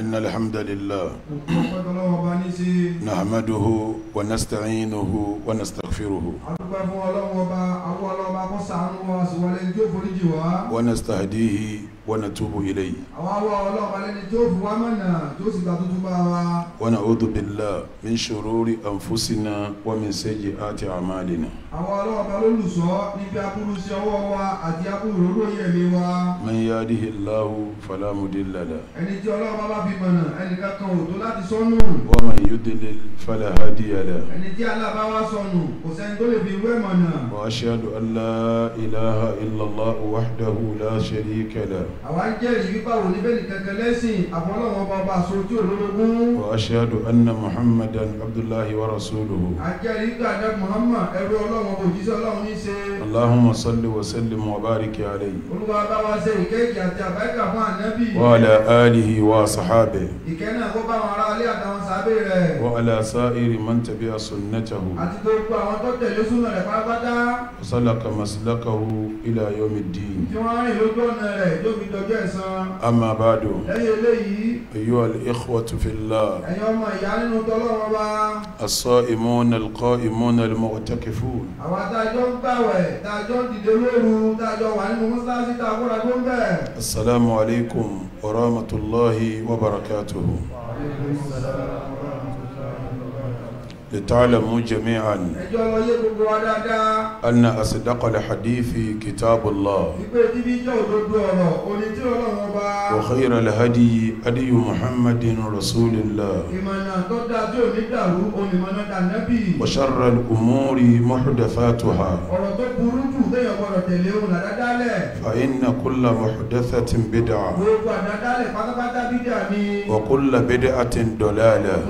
إن الحمد لله نحمده ونستعينه ونستغفره ونستهديه ونتوب إليه ونعوذ بالله من شرور أنفسنا ومن سيئات أعمالنا من يهده الله فلا مضل له ومن يضلل فلا هادي له وأشهد أن لا إله إلا الله وحده لا شريك له àwa ń jẹ́rìí wípé àwọn oníbẹ̀lì kankan lẹ́sìn àwọn ọlọ́wọ́n bá bá aṣọ tí olólogún. wa ashhadu anna muhammadan abdullahi wa rasuluhu. àjẹrì gbàdá muhammad ẹrú ọlọ́wọ́n òjíṣẹ́ ọlọ́run ní ṣe. allahumma salli wa sallim wa bariki alayhi. olúwa bá ṣe ìkéèkì àti àbáyíká fún ànábì. wa ala alihi wa sahabe. ìkẹ́ náà kó ará alẹ́ àtàwọn fi dọjọ́ ẹ̀san. Amma ba'du. lẹ́yìn eléyìí. ayyuhal ikhwatu fillah. ẹ̀yin ọmọ ìyá nínú tọ́lọ́wọ́ bá. as-sa'imuna al-qa'imuna al-mu'takifun. àwọn adájọ́ ń gbàwẹ̀ dájọ́ dìde lóru dájọ́ wà nínú mọ́sáàsì tá a kóra tó ń bẹ̀. asalaamualeykum wa rahmatulahi wa barakatuhu. wa aleykum salaam. لتعلموا جميعا أن أصدق الحديث كتاب الله وخير الهدي هدي محمد رسول الله وشر الأمور محدثاتها فإن كل محدثة بدعة وكل بدعة ضلالة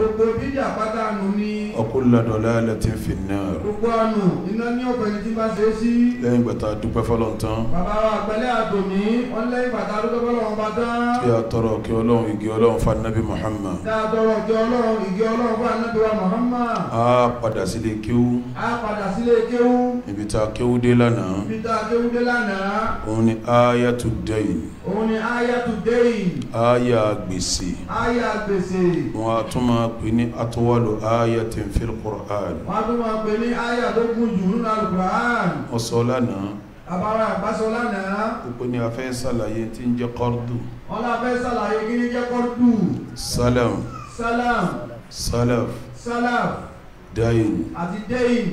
وكل ضلالة في النار gbogbo àánú iná ní ọ̀pọ̀ ẹni tí bá ṣe é sí. lẹ́yìn gbàtà dúpẹ́ fọlọ́n tán. bàbá wa pẹ̀lẹ́ àtòmí wọn lẹ́yìn gbàtà dúpẹ́ fọlọ́n bá tán. kí a tọrọ kí ọlọ́run igi ọlọ́run fa nabi muhammad. kí a tọrọ kí ọlọ́run igi ọlọ́run fa nabi muhammad. a padà sílé kéwú. a padà sílé kéwú. ibi tá a kéwú dé lánàá. ibi tá a kéwú dé lánàá. òun ni ayatu dayin òun ni ayatudei aya gbèsè aya gbèsè wọn a tún máa pè ní atọwọlò aya tí ń fi Qur'an wọn a tún máa pè ní aya tó kún jù nínú Al-Qur'an ọ̀sọ̀ lánàá àbára àgbásọ lánàá òpin ni a fẹ́ sàlàyé tí ń jẹ́ kọ́rdù wọn la fẹ́ sàlàyé kí ní jẹ́ kọ́rdù salam salam salaf salaf dayin àti dayin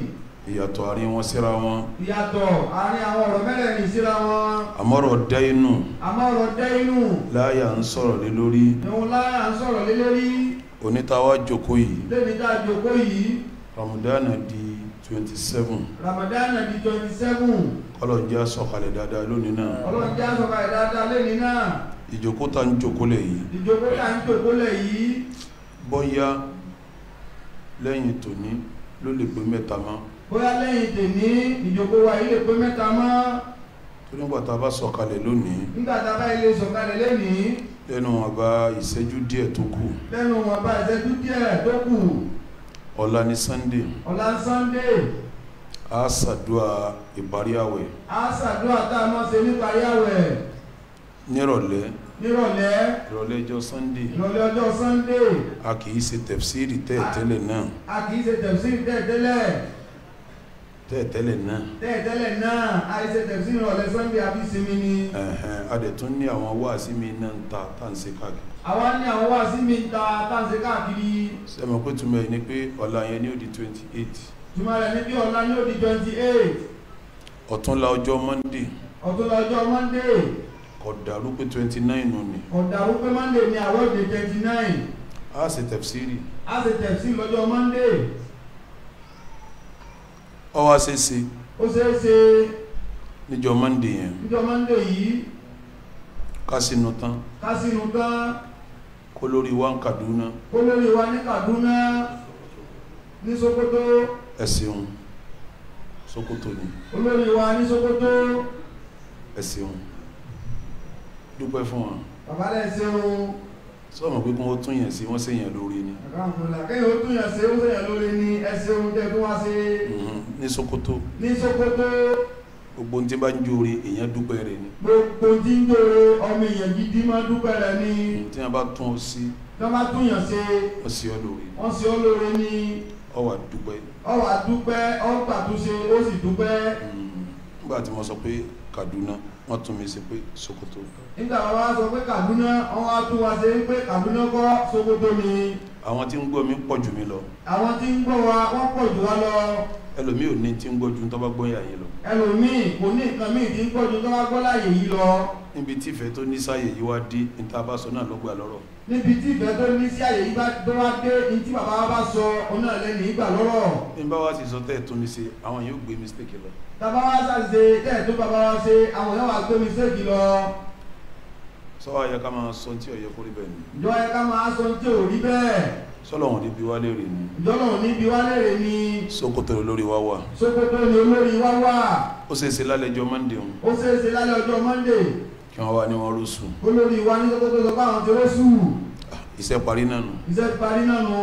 ìyàtọ̀ àárín wọn síra wọn. ìyàtọ̀ àárín àwọn ọ̀rọ̀ mẹ́rẹ̀ẹ̀rin síra wọn. àmọ́rọ̀ dẹ́ inú. àmọ́rọ̀ dẹ́ inú. láyà ń sọ̀rọ̀ lé lórí. ìhun láyà ń sọ̀rọ̀ lé lórí. onítàwa jókòó yìí. lèmi tá yìí. ramadana di twenty seven. ramadana di twenty seven. ọlọ́njẹ́ sọ̀kalẹ̀ dáadáa lónìí náà. ọlọ́njẹ́ sọ̀kalẹ̀ dáadáa lónìí náà. ìjókòó tá ń jókòó lẹ̀ yìí. ìjókòó tá ń lẹ́yìn tòní ló lè pé mẹ́ta mọ́ bóyá lẹ́yìn tèmi ìjókòó wa yìí lè pé mẹ́ta mọ́ tó nígbà tá a bá sọ̀kalẹ̀ lónìí nígbà tá a bá ilé sọ̀kalẹ̀ lónìí lẹ́nu àbá ìṣẹ́jú díẹ̀ tó kù lẹ́nu àbá ìṣẹ́jú díẹ̀ tó kù ọ̀la ni sunday ọ̀la ni sunday a ṣàdúrà ìparí àwẹ̀ a ṣàdúrà tá a mọ́ ṣe níparí àwẹ̀ nírọ̀lẹ́ nírọ̀lẹ́ ìrọ̀lẹ́ ọjọ́ sunday ìrọ̀lẹ́ ọjọ́ sunday a kìí ṣe tẹ̀fsírì tẹ́ẹ̀tẹ́lẹ̀ náà a kìí ṣe tẹ̀fsírì tẹ́ẹ̀tẹ́lẹ̀ tẹ́ẹ̀tẹ́lẹ̀ náà tẹ́ẹ̀tẹ́lẹ̀ náà a kìí ṣe tẹ̀fsírì ìrọ̀lẹ́ sunday àbí sinmi ni a dẹ̀ tún ní àwọn wáàsí mi náà ń ta tá à ń ṣe káàkiri àwa ní àwọn wáàsí mi ń ta tá à ń káàkiri sẹ́mọ̀ pé túmọ̀ ẹ̀ ni pé ọ̀la yẹn ní ó di twenty eight túmọ̀ rẹ̀ ní bí ọ̀la ní di twenty eight ọ̀túnla ọjọ́ monday ọ̀túnla ọjọ́ monday ọ̀dàrú pé twenty nine nù ni. ọ̀dàrú pé monday ni àwọ̀dé twenty nine. a ṣe tẹ̀fsíìrì. a ṣe tẹ̀fsíìrì lọ́jọ́ monday. ó wá ṣe é ṣe. ó ṣe é ṣe. níjọ́ monday yẹn. níjọ́ monday yìí. kásínú tán. kásínú tán. kó wa ní kaduna. kó wa ní kaduna ní sokoto. ẹ ṣeun sokoto ni. olórí wa ní sokoto. ẹ ṣeun dúpẹ́ fún wọn bàbá lẹ́ ṣe ohun sọ́mọ̀ pé kún ó tún yẹn sí wọ́n sí yẹn lórí ni mhm. ní Sókótó ní Sókótó gbogbo tí bá ń jóore èèyàn dúpẹ́ rẹ̀ ni gbogbo tí ń jóore ọmọ èèyàn gidi máa dúpẹ́ rẹ̀ ni tí wọ́n bá tún ọ sí wọ́n bá tún yàn sí wọ́n sí ọ lóore wọ́n sí ọ lóore ni ó wá dúpẹ́ ó wá dúpẹ́ ó gbàtúnṣe ó sì dúpẹ́ mhm. nígbà tí mo sọ pé Kaduna wọ́n tún mi sí pé Sokoto. nígbà wọn wá sọ pé Kaduna wọn wá tún wá sí pé Kaduna kọ́ Sokoto ni. àwọn tí ń gbọ́ mi pọ̀ jù mí lọ. àwọn tí ń gbọ́ wa wọ́n pọ̀ jù wá lọ. ẹlòmíì ò ní tí ń gbọ́ ju tó bá gbọ́ yàyí lọ. ẹlòmíì kò ní nǹkan míì tí ń gbọ́ ju tó bá gbọ́ láyè yìí lọ. níbi tí ìfẹ́ tó ní sáyè yìí wá dé ní tá a bá sọ náà lọ́gbà lọ́rọ̀ níbi tí ìfẹ́ tó ní sí àyè yìí bá tó wá dé ní tí bàbá bá sọ ọ̀nà lẹ́nu ìgbà lọ́rọ̀. ní bá wá sì sọ tẹ́ ẹ̀ tó mi ṣe àwọn yóò gbé mistake lọ. bàbá wa ṣàṣe tẹ́ ẹ̀ tó bàbá wa ṣe àwọn yóò wá gbé mistake lọ. sọ wa yẹ ká máa sọ tí ò yẹ kó rí bẹ́ẹ̀ ni. ìjọ yẹ ká máa sọ tí ò rí bẹ́ẹ̀. sọlọ́wọ́n níbi wá léèrè ni. ìjọlọ́wọ́n níbi wá léèrè ni. Sókótó olórí wa wà. Sókótó olórí wa wà. ó ṣeéṣe lálẹ́ ọjọ́ Monday. ó ṣeéṣe lálẹ́ ọjọ́ Monday kí wọ́n wá ní wọ́n rúsù olórí wa ní tọ́tọ́ tọ́tọ́ báwọn ti rúsù iṣẹ́ parí náà nù iṣẹ́ parí náà nù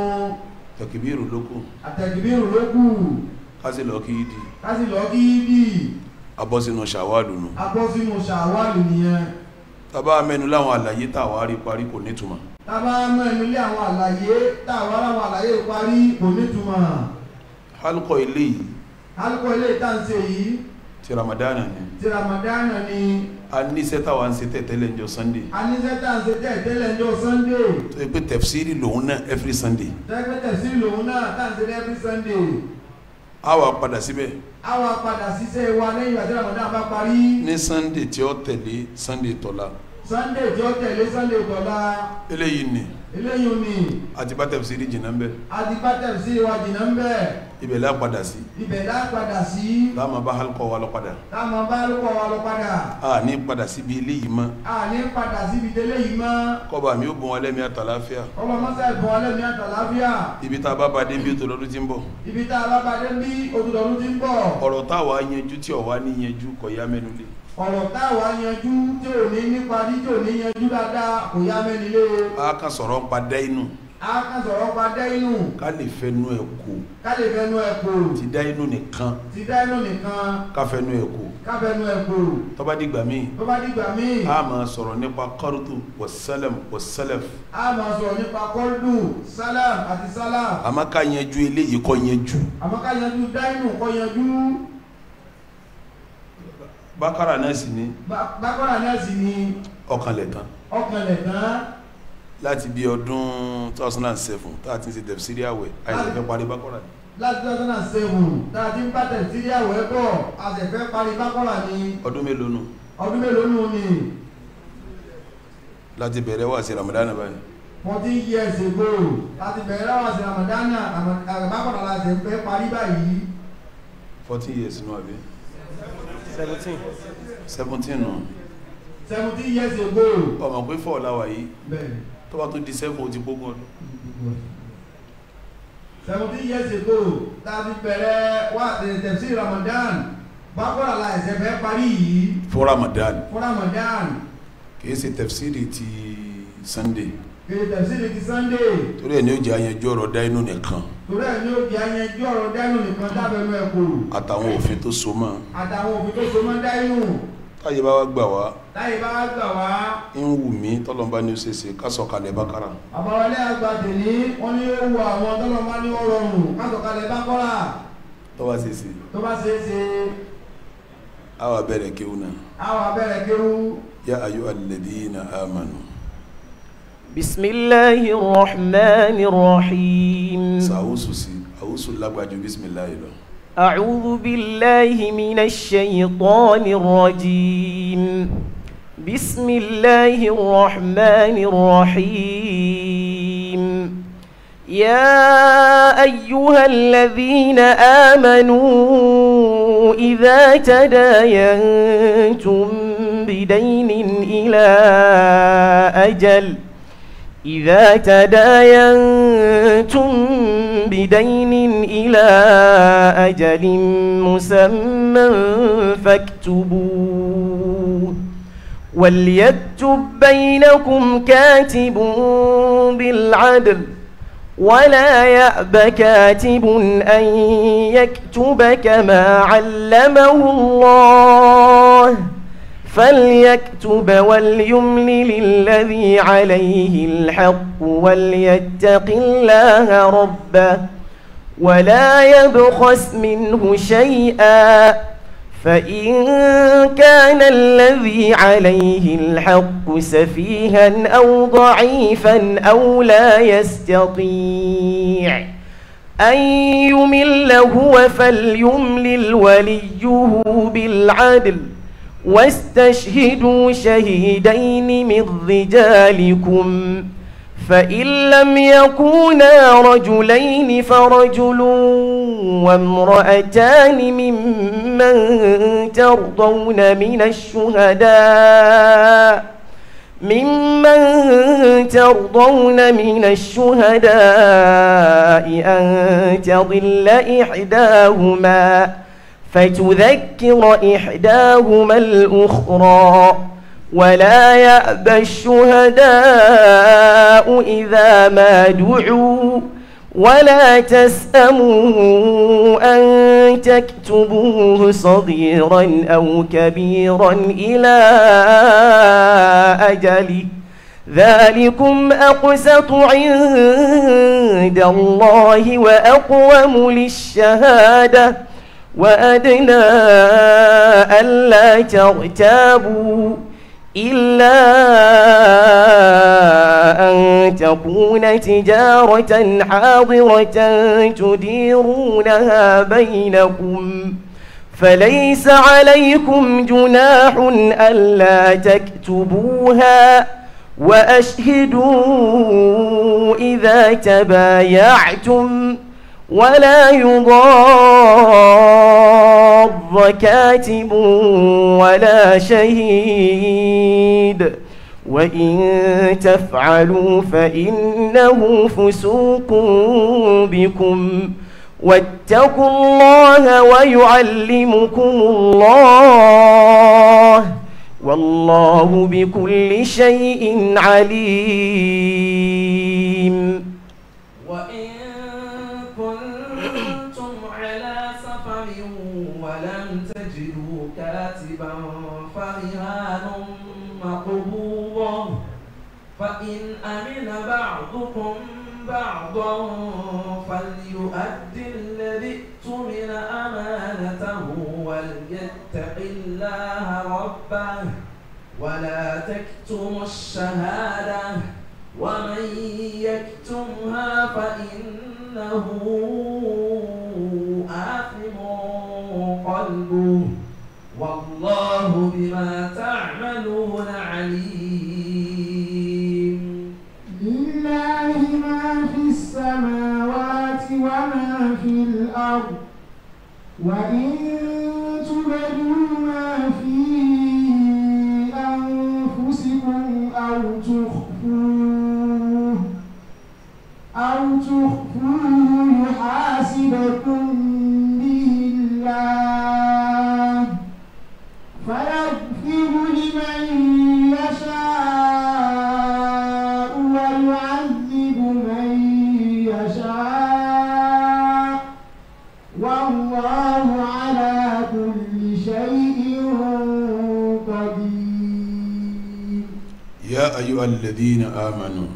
tẹ̀kìbírù lókù àtẹ̀kìbírù lókù kásì lọ kí ìdí kásì lọ kí ìdí abọ́sínú ṣàwálù nù abọ́sínú ṣàwálù nìyẹn tàbá mẹ́nu láwọn àlàyé tàwárí parí kò nítumọ̀ tàbá mẹ́nu lé àwọn àlàyé tàwárí àwọn àlàyé parí kò nítumọ̀ halkọ ilé yìí halkọ ilé yìí ti ni ti ramadana ni a ní sẹ́tà wa ń ṣe tẹ̀tẹ́lẹ̀ ńjọ sunday. a ní sẹ́tà ń ṣe tẹ̀tẹ́lẹ̀ ńjọ sunday. tó yẹ pé tẹ̀fsíìrì lòun náà every sunday. tó yẹ pé tẹ̀fsíìrì lòun náà tá à every sunday. a wà padà síbẹ̀. a wà padà síṣẹ́ wa lẹ́yìn àti Ramadan bá parí. ní sunday tí ó tẹ̀lé sunday tọ́la sunday tí ó sunday kọ̀ọ̀la. eléyìí ni. eléyìí ni. àti bá tẹ̀síìrì jìnnà ń bẹ̀. àti bá tẹ̀síìrì wa jìnnà ń bẹ̀. ibẹ̀ la padà sí. ibẹ̀ la padà sí. láàmú bá halukọ wa lọ padà. láàmú bá halukọ wa lọ padà. a ní padà síbi eléyìí mọ́. a ní padà síbi eléyìí mọ́. kọ́ba mi ó bùn alẹ́ mi àtàláfíà. kọ́ba mọ́sá ìbùn alẹ́ mi àtàláfíà. ibi tá a bá badé bí otolọ́dún ti ń ibi tá a bá badé bí otolọ́dún ti ń bọ̀. ọ̀rọ̀ táwa yanjú tí ọ̀wa ní yanjú kọ̀ yá ọ̀rọ̀ táwa yanjú tí ò ní nípa tí tí ò ní yanjú dáadáa kò yá mẹ́ni lé o. a kan sọ̀rọ̀ pa dẹ́ inú. a kan sọ̀rọ̀ pa dẹ́ inú. ká lè fẹnu ẹ̀ kó. ká lè fẹnu ẹ̀ kó. ti dá inú nìkan. ti dá inú nìkan. ká fẹnu ẹ̀ kó. ká fẹnu ẹ̀ kó. tó bá dìgbà míì. tó bá dìgbà míì. a máa sọ̀rọ̀ nípa kọ́rùtù wọ sálẹ̀m wọ sálẹ̀f. a máa sọ̀rọ̀ nípa kọ́rùtù sálẹ̀m àti sálẹ̀f bákàrà náà sì ní bákàrà náà sì ní ọkànlẹ̀tàn ọkànlẹ̀tàn láti bí ọdún 2007 tààtí sí tẹ̀fìsírí àwẹ̀ àìsẹ̀fẹ́ parí bákàrà ní láti 2007 tààtí ń bá tẹ̀fìsírí àwẹ̀ bọ̀ àìsẹ̀fẹ́ parí bákàrà ní ọdún mélòó nù ọdún mélòó nù ni láti bẹ̀rẹ̀ wà sí Ramadan báyìí fourteen years ago láti bẹ̀rẹ̀ wà sí Ramadan àgbàkọ̀rọ̀ láti fẹ́ parí báyìí fourteen years nù àbí seventeen. seventeen nù. seventeen years ago. ọmọ pé fọ́ọ̀ láwà yìí tó bá tó di seven ó ti gbógun ọdún. seventeen years ago tàbí bẹ̀rẹ̀ wá eh, tẹ̀sí Ramadan bákọ́rà la ẹ̀sẹ̀ fẹ́ parí yìí. fún Ramadan. fún Ramadan. kì í ṣe tẹ̀síìrì ti Sunday torí ẹ̀ ní ó jẹ́ ayanjú ọ̀rọ̀ dáínú nìkan torí ẹ̀ ní ó jẹ́ ayanjú ọ̀rọ̀ dáínú nìkan dábẹ̀mú ẹ̀kọ́rù àtàwọn òfin tó so mọ́ àtàwọn òfin tó so mọ́ dáínú táyé bá wá gbà wá táyé bá wá gbà wá ń wù mí tọ́lọ́mbá ní ó ṣe ṣe kásọ̀kalẹ̀ bákàrà àbáwọlé àgbà tèmi wọ́n ní ó wù àwọn tọ́lọ́mbá ní ó rọrùn kásọ̀kalẹ̀ bákàrà tó bá ṣe ṣe tó bá ṣe ṣe àwa bẹ̀rẹ̀ kéwú náà àwa bẹ̀rẹ̀ kéwú yá ayú بسم الله الرحمن الرحيم بسم الله أعوذ بالله من الشيطان الرجيم بسم الله الرحمن الرحيم يا أيها الذين آمنوا إذا تداينتم بدين إلى أجل إذا تداينتم بدين إلى أجل مسمى فاكتبوه وليكتب بينكم كاتب بالعدل ولا يأب كاتب أن يكتب كما علمه الله فليكتب وليملل الذي عليه الحق وليتق الله ربه ولا يبخس منه شيئا فإن كان الذي عليه الحق سفيها أو ضعيفا أو لا يستطيع أن يمل هو فليملل وليه بالعدل واستشهدوا شهيدين من رجالكم فإن لم يكونا رجلين فرجل وامرأتان ممن ترضون من الشهداء ممن ترضون من الشهداء أن تضل إحداهما فتذكر إحداهما الأخرى ولا يأبى الشهداء إذا ما دعوا ولا تسأموا أن تكتبوه صغيرا أو كبيرا إلى أجله ذلكم أقسط عند الله وأقوم للشهادة وأدنى ألا ترتابوا إلا أن تكون تجارة حاضرة تديرونها بينكم فليس عليكم جناح ألا تكتبوها وأشهدوا إذا تبايعتم ولا يضار الأرض كاتب ولا شهيد وإن تفعلوا فإنه فسوق بكم واتقوا الله ويعلمكم الله والله بكل شيء عليم بعضكم بعضا فليؤد الذي اؤتمن امانته وليتق الله ربه ولا تكتموا الشهاده ومن يكتمها فانه اثم قلبه والله بما تعملون عليم السماوات وما في الأرض وإن تبدوا ما في أنفسكم أو تخفوه أو تخفوه يحاسبكم يا أيها الذين آمنوا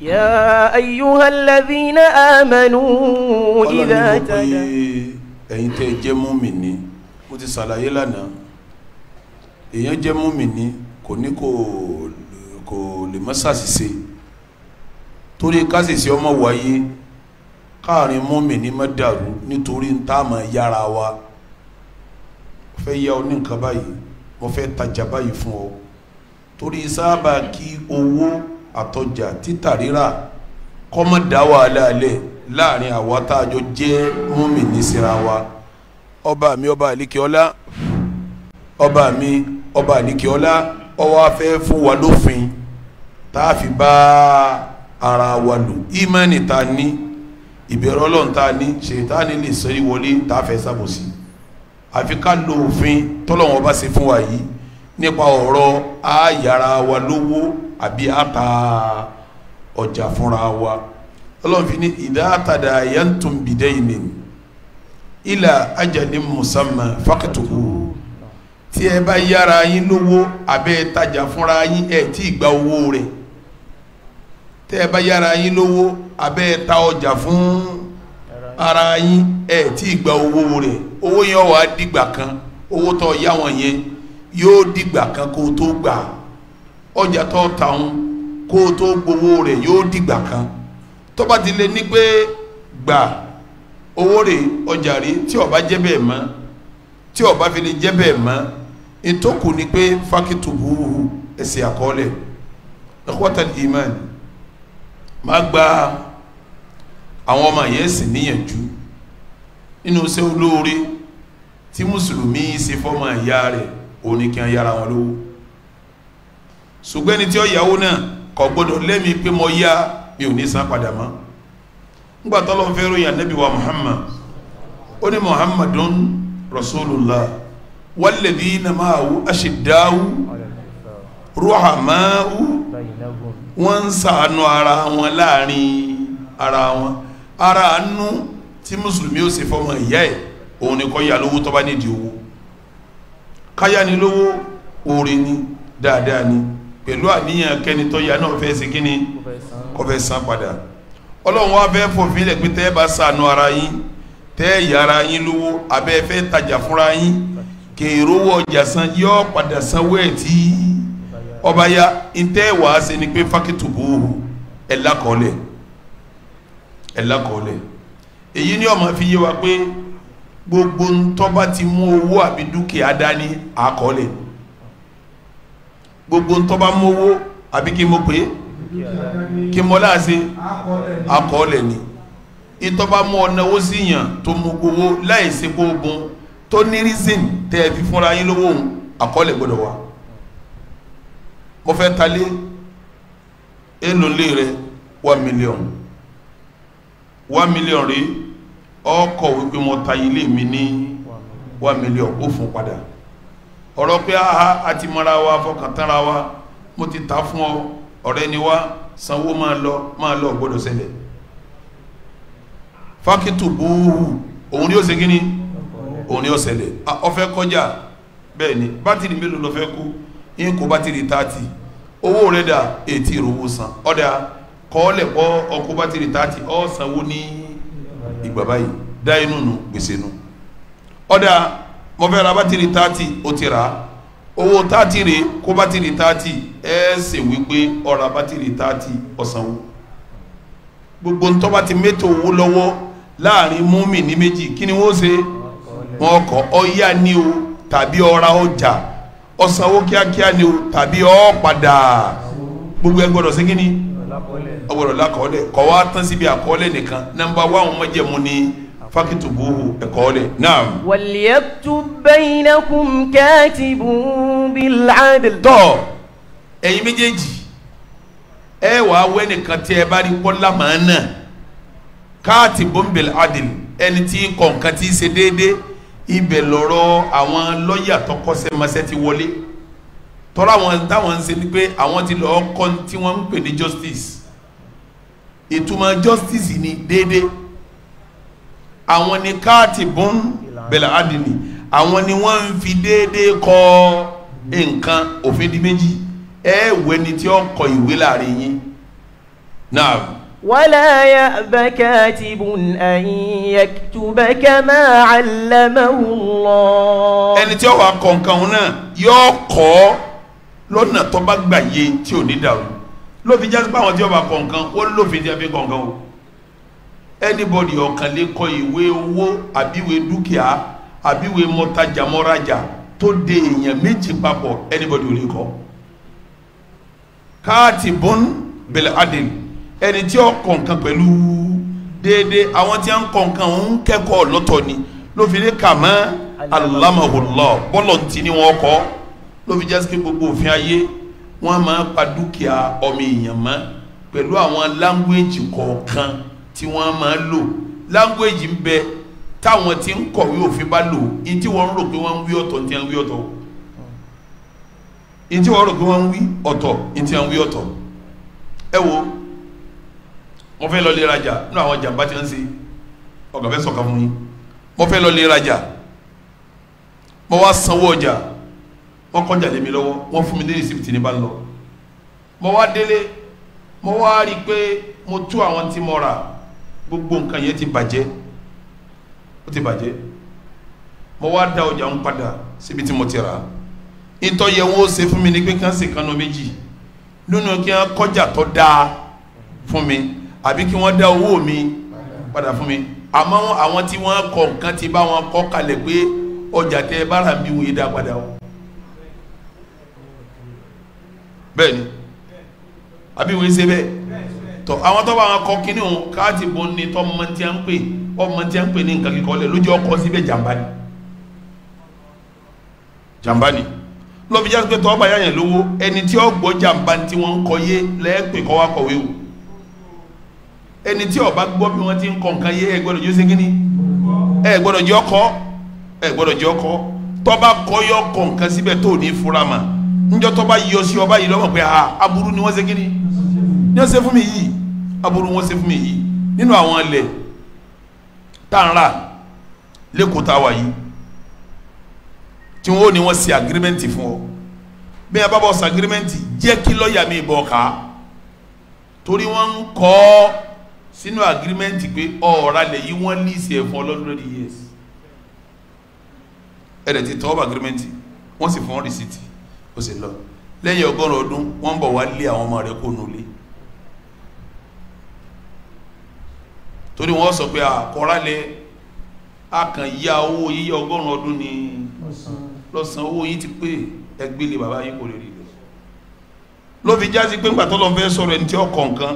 يا أيها الذين آمنوا إذا تدعوا ẹ̀yin tẹ́ jẹ́ múmìnì mo ti ṣàlàyé lánàá èèyàn jẹ́ múmìnì kò ní kò kò lè má ṣàṣìṣe torí kásìsì ọmọ wáyé káàrin múmìnì má dàrú nítorí ń tá a máa yára wa mo fẹ́ yá ọ ní nǹkan báyìí mo fẹ́ tajà báyìí fún ọ torí sábà kí owó àtọjà títà rírà kọ́mọ̀ dá wàhálà alẹ́ láàrin àwa tá a jọ jẹ́ múmi nísìra wa ọba mi ọba àlíkè ọlá ọba mi ọba àlíkè ọlá ó wá fẹ́ fún wa lófin tá a fi bá ara wa lò ìmánì ta ní ìbẹ̀rù ọlọ́run ta ní ṣètánì lè sọ ìwọlé tá a fẹ́ sábòsí àfi ká lo òfin tọ́lọ́wọ́n bá ṣe fún wa yìí nípa ọ̀rọ̀ ayára wa lówó àbí ata ọjà fúnra wa ọlọ́run fi ní ìdáàtàdà yantum bidaynin ila ajalin musamma faqtuhu tí ẹ bá yára yín lówó àbẹ́ tajà fúnra yín ẹ̀ tí ì gba owó rẹ̀ tẹ́ ẹ bá yára yín lówó àbẹ́ ta ọjà fún ara yín ẹ̀ tí ì gba owó rẹ̀ owó yẹn wà dìgbà kan owó tó yá wọn yẹn yóò dìgbà kan kó o tó gbà ọjà tó ta òun kó o tó gbowó rẹ̀ yóò dìgbà kan tó bá ti lè ní pé gbà owó rẹ̀ ọjà rẹ̀ tí ó bá jẹ́ bẹ́ẹ̀ tí ó fi lè jẹ́ bẹ́ẹ̀ mọ́ ìtòkù ni pé fákìtùbù ẹsẹ̀ àkọọ́lẹ̀ ikhwatal iman máa gba àwọn ọmọ yẹn sì níyànjú nínú iṣẹ́ olóore tí mùsùlùmí ṣe fọ́mọ ìyá rẹ̀ òun ni kí wọ́n yára wọn lówó ṣùgbọ́n ẹni tí ó yàwó náà kò gbọ́dọ̀ lẹ́mìí pé mo yá mi ò ní san padà mọ́ ńgbà tọ́lọ́ ń fẹ́ ròyìn ànábì wa Muhammad ó ní Muhammadun Rasulullah walladhina ma'ahu ashidda'u ruhama'u wọ́n ń ṣàánú ara wọn láàrin ara wọn ara àánú tí mùsùlùmí ó ṣe fọmọ ìyá ẹ̀ òun ni kó yá lówó tó bá nídìí owó káyánilówó oore ni dáadáa ni pẹ̀lú àníyàn kẹ́nitọ́ yà náà fẹ́ ṣe kíni kó san padà ọlọ́run wa fẹ́ fòfin lẹ̀ tẹ́ bá ara yín tẹ́ ara yín lówó abẹ́ fẹ́ tajà fúnra yín kèrówó ọjà san yọ padà sanwó ẹ̀ tí ọba ya ni pé fákìtùbù ẹ̀ ẹ̀ èyí ni fi yé wa pé. gbogbo ntọ́ba ti mú owó àbí dúkìá dání àkọọ́lẹ̀ gbogbo ntọ́ba mú owó àbí kí mo pè é kí mo láàṣẹ àkọọ́lẹ̀ ni ìtọ́ba mú ọ̀nà owó sí yàn tó mú owó láì ṣe kó gun tó ní reason tẹ́ ẹ fi fúnra yín lówó òun àkọọ́lẹ̀ gbọ́dọ̀ wà mo fẹ́ talé èlò lé rẹ one million one million rèé. ọkọ̀ wípé mo ta ilé mi ní one ó fún padà ọ̀rọ̀ pé aha a ti mara wa wa mo ti ta fún ọ ọ̀rẹ́ ni wá sanwó máa lọ máa lọ gbọ́dọ̀ ṣẹlẹ̀ fákìtù búhù òun ni ó ni òun ni ó ṣẹlẹ̀ ọfẹ́ kọjá bẹ́ẹ̀ ni bátìrì mélòó kú yín kó bátìrì tààtì owó rẹ̀ dà ètí san ọ̀dà ọkọ̀ bátìrì tààtì ọ̀ sanwó ìgbà báyìí dá inú nu gbèsè nu ọ̀dà mo fẹ́ ra bátìrì tààtì ó ti rà á owó tààtì rè kó bátìrì tààtì ẹ̀ ṣe wípé ọ̀ra bátìrì tààtì ọ̀sánwó gbogbo ntọ́ bá ti mẹ́tò owó lọ́wọ́ láàrin múmi ní méjì kí ni wọ́n ṣe wọn kọ ọ̀yá ni o tàbí ọ̀ra ọjà ọ̀sánwó kíákíá ni o tàbí ọ̀ padà gbogbo ẹ gbọ́dọ̀ ṣe kí ni ọgbọ́dọ̀ lakọọlẹ kọwa tán síbi àkọọ́lẹ̀ nìkan nàmbà wà wọn mọjẹmú ni fakitubuhu ẹkọọlẹ̀ naam. waliyaktub bainakum katibun bil adl. tọ́ ẹ̀yin méjèèjì ẹ wàá wẹ́ nìkan tí ẹ bá rí kọ́lá màá náà katibun bil adl ẹni tí kọ̀ǹkan tí ṣe déédéé ibẹ̀ lọ́rọ̀ àwọn lọ́ọ̀yà tọkọsẹ́mọsẹ́ ti wọlé tọ́ra àwọn táwọn ń ṣe ni pé ti lọ́ọ́ kọ́ tí wọ́n ń pè justice ìtumọ̀ justice ni déédé àwọn ni káàtì bún bẹ̀lẹ̀ adìní àwọn ni wọ́n ń fi déédé kọ nǹkan òfin di méjì ẹ wẹ́ ni tí ó kọ ìwé láàrin yín náà. ولا يأب كاتب أن يكتب كما علمه الله. ẹni tí ó wà kọ̀ọ̀kan náà yóò kọ lọ́nà tó bá gbà yé tí ò ní dàrú lófin jásí pé àwọn tí ọba kọ̀ọ̀kan ó lófin tí a fi kọ̀ọ̀kan o anybody ọ̀kan lè kọ ìwé owó àbíwé dúkìá àbíwé mọ́tajàmọ́rajà tó de èèyàn méjì papọ̀ anybody ò lè kọ́ káàtì bọ́n bẹ̀lẹ̀ adìl ẹni tí ó kọ̀ọ̀kan pẹ̀lú déédéé àwọn tí a ń kọ̀ọ̀kan ń kẹ́kọ̀ọ́ lọ́tọ̀ ni lófin lè kà mọ́ alámọ̀hùnlọ́ bọ́lọ̀ ntì ni wọ́n kọ́ lófin jásí pé gbogbo òfin ayé. wọ́n máa pa dúkìá ọmọ èèyàn mọ́ pẹ̀lú àwọn láńgwéèjì kọ̀ọ̀kan tí wọ́n máa lò láńgwéèjì ń bẹ táwọn tí ń kọ̀wé òfin bá lò ní tí wọ́n rò pé wọ́n ń wí ní ń wí tí rò pé ń wí ní ń wí ẹ wo mo fẹ́ lọ lé rajà nínú àwọn tí ń mo lọ lé wọ́n kọjá lé mi lọ́wọ́ wọ́n fún mi ní rìsíptì ní bá ń lọ mo wá délé mo wá rí i pé mo tú àwọn tí mo rà gbogbo nǹkan yẹn ti bàjẹ́ ó ti bàjẹ́ mo wá da ọjà ń padà síbi tí mo ti rà ìtọ́ yẹ wọ́n ṣe fún mi ní pé kí wọ́n ṣe kánú méjì nínú kí wọ́n kọjá tó dáa fún mi àbí kí wọ́n dá owó mi padà fún mi àmọ́ àwọn tí wọ́n kọ nǹkan ti bá wọn kọ́ kalẹ̀ pé ọjà tẹ bára mi wòye dá padà o. bẹ́ẹ̀ ni àbí wọ́n ṣe bẹ́ẹ̀ tọ́ àwọn tó bá wọn kọ́ kínní òun káàtì bó ní tọ́ mọ́tí à ń pè ọmọdé à ń pè ní nǹkan kíkọ́ lẹ̀ lójú ọkọ̀ síbẹ̀ jàǹbá ni jàǹbá ni lọ́bi jáde pé tọ́ba yà yẹn lówó ẹni tí ó gbọ́ jàǹbá tí wọ́n ń kọ yé lẹ́ẹ̀pẹ̀ kọ́ wá kọ̀wé o ẹni tí ó bá gbọ́ bí wọ́n ti ń kọ nǹkan yé ẹ gbọ́dọ̀ jẹ́ ṣe kíní ẹ gbọ́dọ̀ jẹ́ ọkọ ẹ gbọ́dọ̀ jẹ́ ọkọ tọ́ba kọ́ yọ kọ̀ nǹkan síbẹ̀ tó ní fura níjọ́ tó bá yọ sí ọba yìí lọ́mọ̀ pé a ah, aburú ni wọ́n ṣe kíni ni wọ́n ṣe fún mi yìí aburú wọ́n ṣe fún mi yìí nínú àwọn ilẹ̀ tá n ra lẹ́kọ̀ọ́ tá a tí wọ́n ó ní wọ́n ṣe fún ọ bí a bá bọ̀ ṣe agirimẹ́ǹtì jẹ́ kí lọ́ọ̀yà mi bọ̀ ká torí wọ́n ń kọ́ ọ́ sínú agirimẹ́ǹtì pé ọ̀ọ́ra lẹ̀ yìí wọ́n líìsì ẹ̀ fún ọlọ́dún lórí yẹ́sì ẹ̀rẹ̀ ti tọ́ ọ́ agirimẹ́ǹtì wọ́n sì fún ọ́ rìsíìtì ó sì lọ lẹ́yìn ọgọ́rùn ọdún wọ́n ń bọ̀ wá lé àwọn ọmọ rẹ̀ kó nulẹ̀ torí wọ́n sọ pé àkọ́rálẹ̀ akànyà owó yíyá ọgọ́rùn ọdún ni lọ́sàn owó ti pé ẹgbẹ́ baba bàbá yín kò lè rí lọ ló fi jáde pé ńgbà tó lọ́n fẹ́ sọ̀rọ̀ ẹni tí ọkọ̀ nǹkan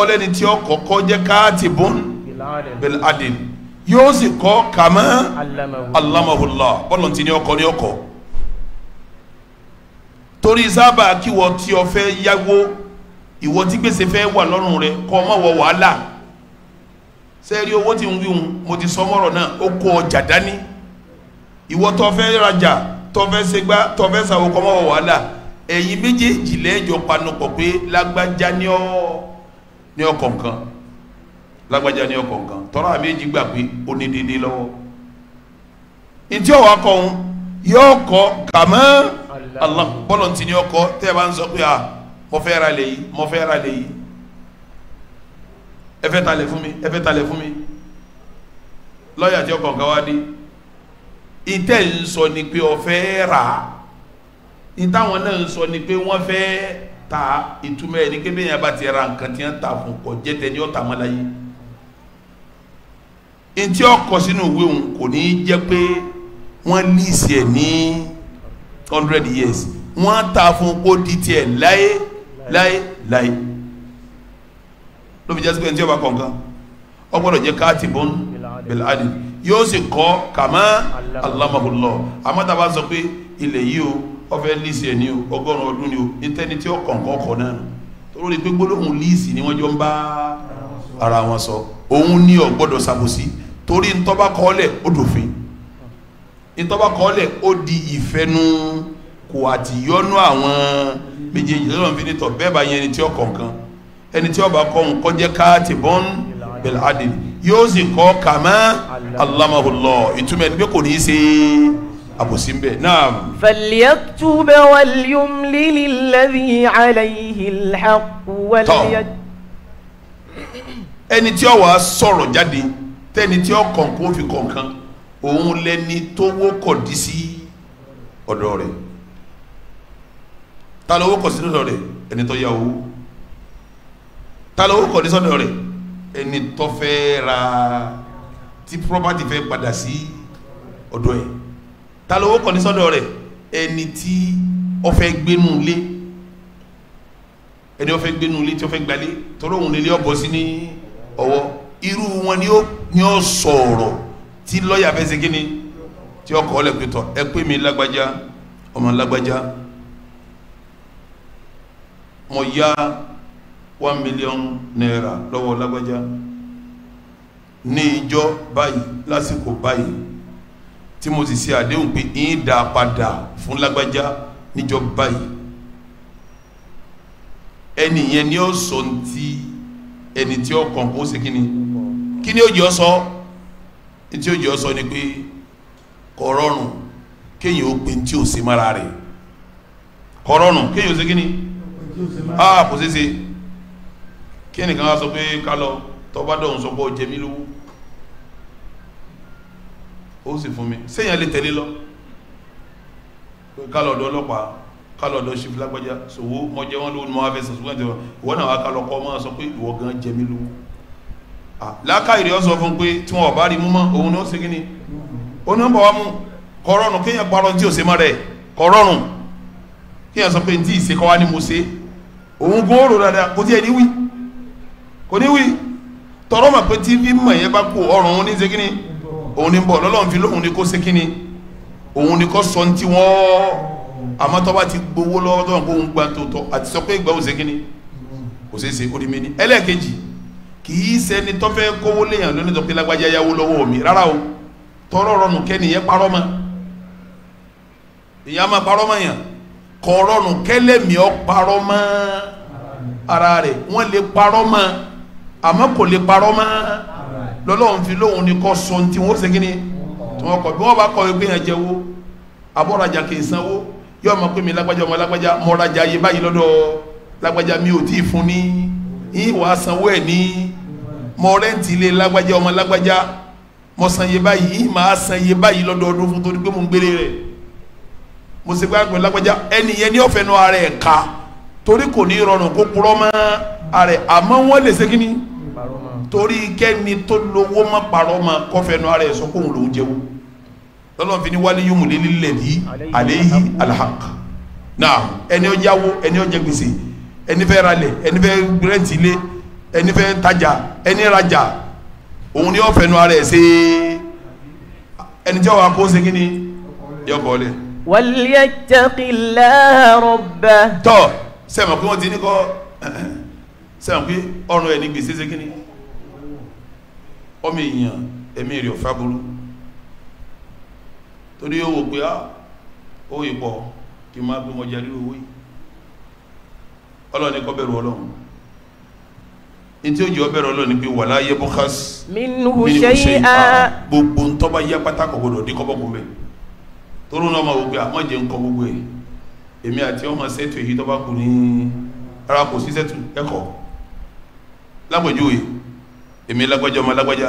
ọlẹ́ni tí ọkọ̀ kọ́ jẹ́ káàtì bọ́n bẹ́ẹ̀ adìn yóò sì kọ́ kàmá alámàhùlá bọ́lọ̀ ni ọkọ̀ ni ọkọ̀. torí sábà kí wọ́n tí ọ fẹ́ yáwó ìwọ tí gbèsè fẹ́ wà lọ́rùn rẹ kọ́ ọ má wọ wàhálà sẹ́ẹ̀rí owó tí ń wíhun mo ti sọ mọ́rọ̀ náà ó kó ọjà dání ìwọ tó fẹ́ rajà tó fẹ́ ṣègbà tó fẹ́ ṣàwó kọ́ má wọ wàhálà ẹ̀yin méjèèjì lẹ́jọ́ panupọ̀ pé lágbájá ní ọ ní ọkọ̀ọ̀kan lágbájá ní ọkọ̀ọ̀kan tọ́lá àmì gbà pé ó ní déédéé lọ́wọ́ ntí ọ̀wá kọ̀ ń yọ ọkọ̀ kàmọ́ Allah bọ́lọ̀ ti ní ọkọ tẹ́ ẹ bá ń sọ pé a mo fẹ́ ra lè yìí mo fẹ́ ra lè yìí ẹ fẹ́ talẹ̀ fún mi ẹ fẹ́ talẹ̀ fún mi lọ́ọ̀yà tí ọkàn kan wá dé ìtẹ́ ń sọ ni pé ó fẹ́ rà á ìtàwọn náà ń sọ ni pé wọ́n fẹ́ ta ìtumọ̀ ẹ̀ ní kébé yẹn bá ti ra nǹkan tí wọ́n ta fún kọ jẹ́tẹ̀ ní ọ̀tá mọ́lá yìí ntí ọkọ̀ sínú ìwé òun kò ní í jẹ́ pé wọ́n líìsì ẹ̀ ní. Ni hundred years wọ́n ta fún kó di tiẹ̀ láyé láyé láyé ló fi jásí pé ntí ọba kọ̀ọ̀kan ó gbọ́dọ̀ jẹ́ káàtì bọ́n bẹ̀lẹ̀ àdì yóò sì kọ́ kàmá alámàbùlọ̀ àmọ́tàbà sọ pé ilẹ̀ yìí o ọfẹ́ líìsì ẹ̀ ní o ọgọ́rùn ọdún ni o ìtẹ́ni tí ó kọ̀ọ̀kan kọ̀ náà nù torí pé gbólóhùn líìsì ni wọ́n jọ ń bá ara wọn sọ òun ní ó gbọ́dọ̀ torí ntọ́ba kọ́ọ́lẹ̀ ntọ́ba kọ́lẹ̀ ó di ìfẹ́nu kò àti yọnu àwọn méjèèjì lọ́nà fi ní tọ̀ bẹ́ẹ̀ bá yẹn ẹni tí ó kọ̀ nǹkan ẹni tí ó bá kọ́ nǹkan jẹ́ káàtì bọ́n bẹ̀rẹ̀ adìrì yóò sì kọ́ kàmá alámahùlọ ìtumọ̀ ẹni pé kò ní í ṣe àbòsí bẹ́ẹ̀ náà. falyaktub walyumli lilladhi alayhi alhaq wàlíyà. ẹni tí ó wàá sọ̀rọ̀ jáde tẹ́ni tí ó kọ̀ǹkan ó fi kọ̀ǹkan òun lẹni tó wókọ̀ dí sí ọ̀dọ̀ rẹ̀ ta ló wókọ̀ sí ọ̀dọ̀ rẹ̀ ẹni tó yá owó ta ló wókọ̀ dí sọ́dọ̀ rẹ̀ ẹni tó fẹ́ ra tí property fẹ́ padà sí ọ̀dọ̀ ẹ̀ ta ló wókọ̀ dí sọ́dọ̀ rẹ̀ ẹni tí ó fẹ́ gbénu lé ẹni ó fẹ́ gbénu lé tí ó fẹ́ gbalé tọ́lọ́ òun lé ọ̀bọ̀ sí ní ọwọ́ irú wọn ni ó sọ̀rọ̀. So tí lọ́ọ̀yà fẹ́ ṣe kíni tí ọkọ̀ ọ̀lẹ̀ pé tọ̀ ẹ pé mi lágbájá ọmọ lágbájá mo yá one million naira lọ́wọ́ lágbájá ní ìjọ báyìí lásìkò báyìí tí mo sì ṣe àdéhùn pé ń dà padà fún lágbájá níjọ báyìí ẹni yẹn ni ó sọ ti ẹni tí ó kàn kó ṣe kíni kíni ó jọ sọ. So, tí ó jọ sọ ni pé kò rọrùn kéèyàn ó pe tí ò sí mara rẹ̀ kò kéèyàn ó ṣe kíni ah kò ṣeéṣe kí ẹnìkan wá sọ pé ká lọ tó bá dọ̀hún sọ pé ó jẹ mí lówó ó sì fún mi séèyàn lè tẹ̀lé lọ pé ká lọ ọ̀dọ̀ ọlọ́pàá ká lọ ọ̀dọ̀ ṣífìlágbájá ṣòwò mọ̀jẹ́ wọn lówó ni wọ́n ìwọ náà wá ká kọ́ ọ máa sọ pé ìwọ gan jẹ mí lówó lákàìrí ọ̀sọ̀ fún pé tí wọn ọ̀bá rí mú mọ́ òun ni ó segin ni ó ní bọ̀ wá mú kọ́rọ́nù kéèyàn parọ́ tí ò se mọ́ rẹ̀ kọ́rọ́nù kéèyàn sọ pé ní tí ì se kọ́ wá ní mo se òun gún òrò dáadáa kò tí ẹ ní wí kò ní wí tọrọ mà pé tí bí mọ̀ yẹn bá kó ọrùn òun ní segin ni òun ni bọ̀ lọ́lọ́run fi lóhun ni kó segin ni òun ni kó sọ ní tí wọ́n àmọ́ tó bá ti gbowó lọ́wọ́ tó ń gbà tó tọ́ àti sọ pé ìgbà òun segin ni kò ṣeé ó di mí ni ẹlẹ́ẹ̀kejì kì í ṣẹni tó fẹ́ kówó léèyàn lónìí tó pé lágbájá yáwó lọ́wọ́ mi rárá o tọrọ rọrùn kẹ́ni yẹn parọ́ mọ́ ìyá máa parọ́ mọ́ yàn kọ́ rọrùn kẹ́lẹ́mì ọ́ parọ́ mọ́ ara rẹ̀ wọ́n lè parọ́ mọ́ àmọ́ kò lè parọ́ mọ́ lọ́lọ́run fi lóhun ni kọ́ sọ tí wọ́n ṣe kí ni tí wọ́n kọ́ bí wọ́n bá kọ́ ẹgbẹ́ yẹn jẹ́wọ́ abọ́rajà kì í sanwó yóò máa pè mí lágbájá ọmọ lágbájá mọ́rajà yé báyìí lọ́dọ̀ lágbájá mi ò tí ì fún ní ìwà sanwó ẹ̀ ní mo rẹ́ǹtì ilé lágbájá ọmọ lágbájá mo san iye báyìí màá san iye báyìí lọ́dọọdún fún torí pé mo ń gbélé rẹ̀ mo ṣe gbàgbé lágbájá ẹni yẹn ní ọ̀fẹ́ nu ara ẹ̀ ká torí kò ní rọrùn kó purọ́ mọ́ ara ẹ̀ àmọ́ wọ́n lè ṣe kíni torí kẹ́ni tó lówó mọ́ parọ́ mọ́ kọ́fẹ́ nu ara ẹ̀ sọ kóun lòún jẹ́wọ́ lọ́lọ́run fi ní wálé yóò mú lé lílẹ̀ yìí àléyìí alhaq náà ẹni ó yáwó ẹni ó gbèsè ẹni fẹ́ ralẹ̀ ẹni fẹ́ rẹ́ǹtì ilé ẹni fẹ́ tajà ẹni rajà òun ni yóò fẹnu ara ẹ̀ ṣe ẹni tí wọ́n wá kó segin ni yọ bọ̀ lẹ̀. wàlíyàtàkìlá rọ̀bà. tọ́ sẹ́mi pé wọ́n ti ní kọ́ sẹ́mi pé ọrùn ẹ̀ gbèsè segin ni ọmọ èèyàn ẹ̀mí rẹ̀ ọ̀fà burú torí ó wò pé á ah, ó yìí pọ̀ kí n máa bí mo jẹ́ owó yìí ọlọ́ọ̀ni kọ́ bẹ̀rù ọlọ́run ntí ojú ọbẹ̀ rẹ lónìí pé wàlá yẹ bó ká sí. minnu ṣẹ́yìn a. gbogbo ntọ́ba yẹ pátá kò gbọdọ̀ dín kọ́bọ̀ kún bẹ́ẹ̀ náà ma wò pé àmọ́ jẹ́ nǹkan gbogbo yẹ èmi àti ọmọ sẹ́tù èyí tọ́ba kù ní ara kò sí sẹ́tù ẹ̀kọ́ lágbàjúwe èmi lágbàjá ọmọ lágbàjá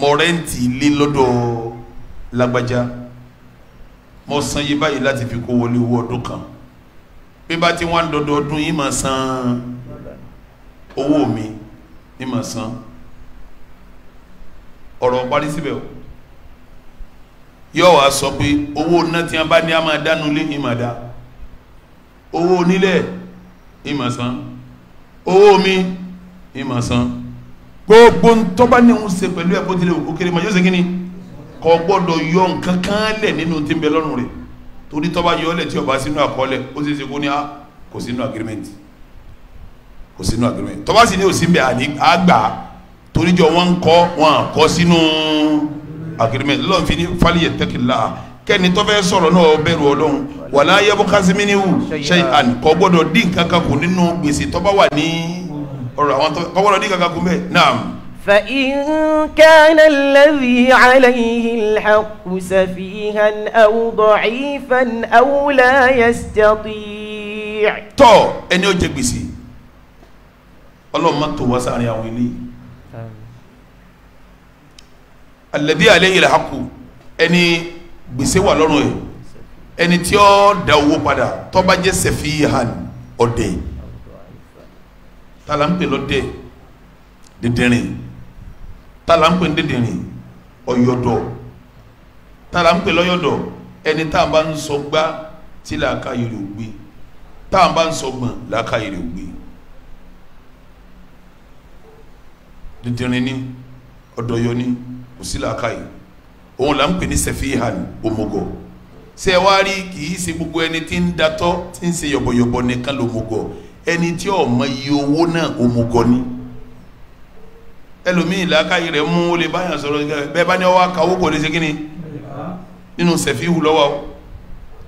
mọ rẹ́ǹtì ilé lọ́dọ̀ lágbàjá mọ san yé báyìí láti fi kó wọlé owó ọdún kan bí bá ti wá ń dọdọọdún yìí máa san owó mi ni mà san ọ̀rọ̀ parí síbẹ̀ o yóò wá sọ pé owó ná tí wọn bá ní a máa dánu lé ìmọ̀ dá owó onílẹ̀ ìmọ̀ san owó mi ìmọ̀ san gbogbo ntọ́ba ní òun ṣe pẹ̀lú ẹ̀kọ́ tilẹ̀ òkèrè màá yóò ṣe kínní kò gbọ́dọ̀ yọ nǹkan kan lẹ̀ nínú tí ń bẹ lọ́rùn rẹ̀ torí tọ́ba yọ ọ́ lẹ̀ tí ó sínú àkọọ́lẹ̀ ó sì ṣe kó ní a ah, kò sínú agreement kò sínú agreement tó bá sì ní òsínbẹ̀ àgbà toríjọ wọn kọ́ wọn kọ́ sínú agreement lọ́n fi ní fáliyẹ̀ tẹ́kìlá kẹ́ni tó sọ̀rọ̀ náà bẹ̀rù ọlọ́run wàlá yẹ́bù kásímínìwù ṣẹ́yìn kò gbọ́dọ̀ dín kankan kù nínú gbèsè tó wà ní ọ̀rọ̀ àwọn tó kò gbọ́dọ̀ dín kankan kù bẹ́ẹ̀ naam. فإن كان الذي عليه الحق سفيها أو ضعيفا أو لا tọ́ ẹni ó jẹ gbèsè ọlọ́run má tó wá sáàrin àwọn ilé alẹ́bí àlẹ́yìn làákù ẹni gbèsè wà lọ́rùn ẹ̀ ẹni tí ó da owó padà tó bá jẹ́ sẹ̀fìhàn ọ̀dẹ̀ tala ń pè lọ́dẹ̀ dídìrín tala ń pè dídìrín ọ̀yọ̀dọ̀ tala lọ́yọ̀dọ̀ ẹni tá a bá ń sọ gbá tí làákà yìí rò gbé tá a bá ń sọ gbọ̀n làákà yìí rò gbé dìndìnrín ni ọ̀dọ̀yọ ni kò sí làákàyè òun là ń pè ní sẹ̀fíhàn òmùgọ̀ ṣé ẹ wá rí kì í ṣe gbogbo ẹni tí ń datọ́ tí ń ṣe yọ̀bọ̀yọ̀bọ̀ nìkan lòmùgọ̀ ẹni tí ò iye owó náà òmùgọ̀ ni ẹlòmíì làákàyè rẹ̀ mú ó báyàn sọ̀rọ̀ bẹ́ẹ̀ bá ní ọwọ́ àkàwọ́ kò lè ṣe kí ni nínú sẹ̀fíhù lọ́wọ́ o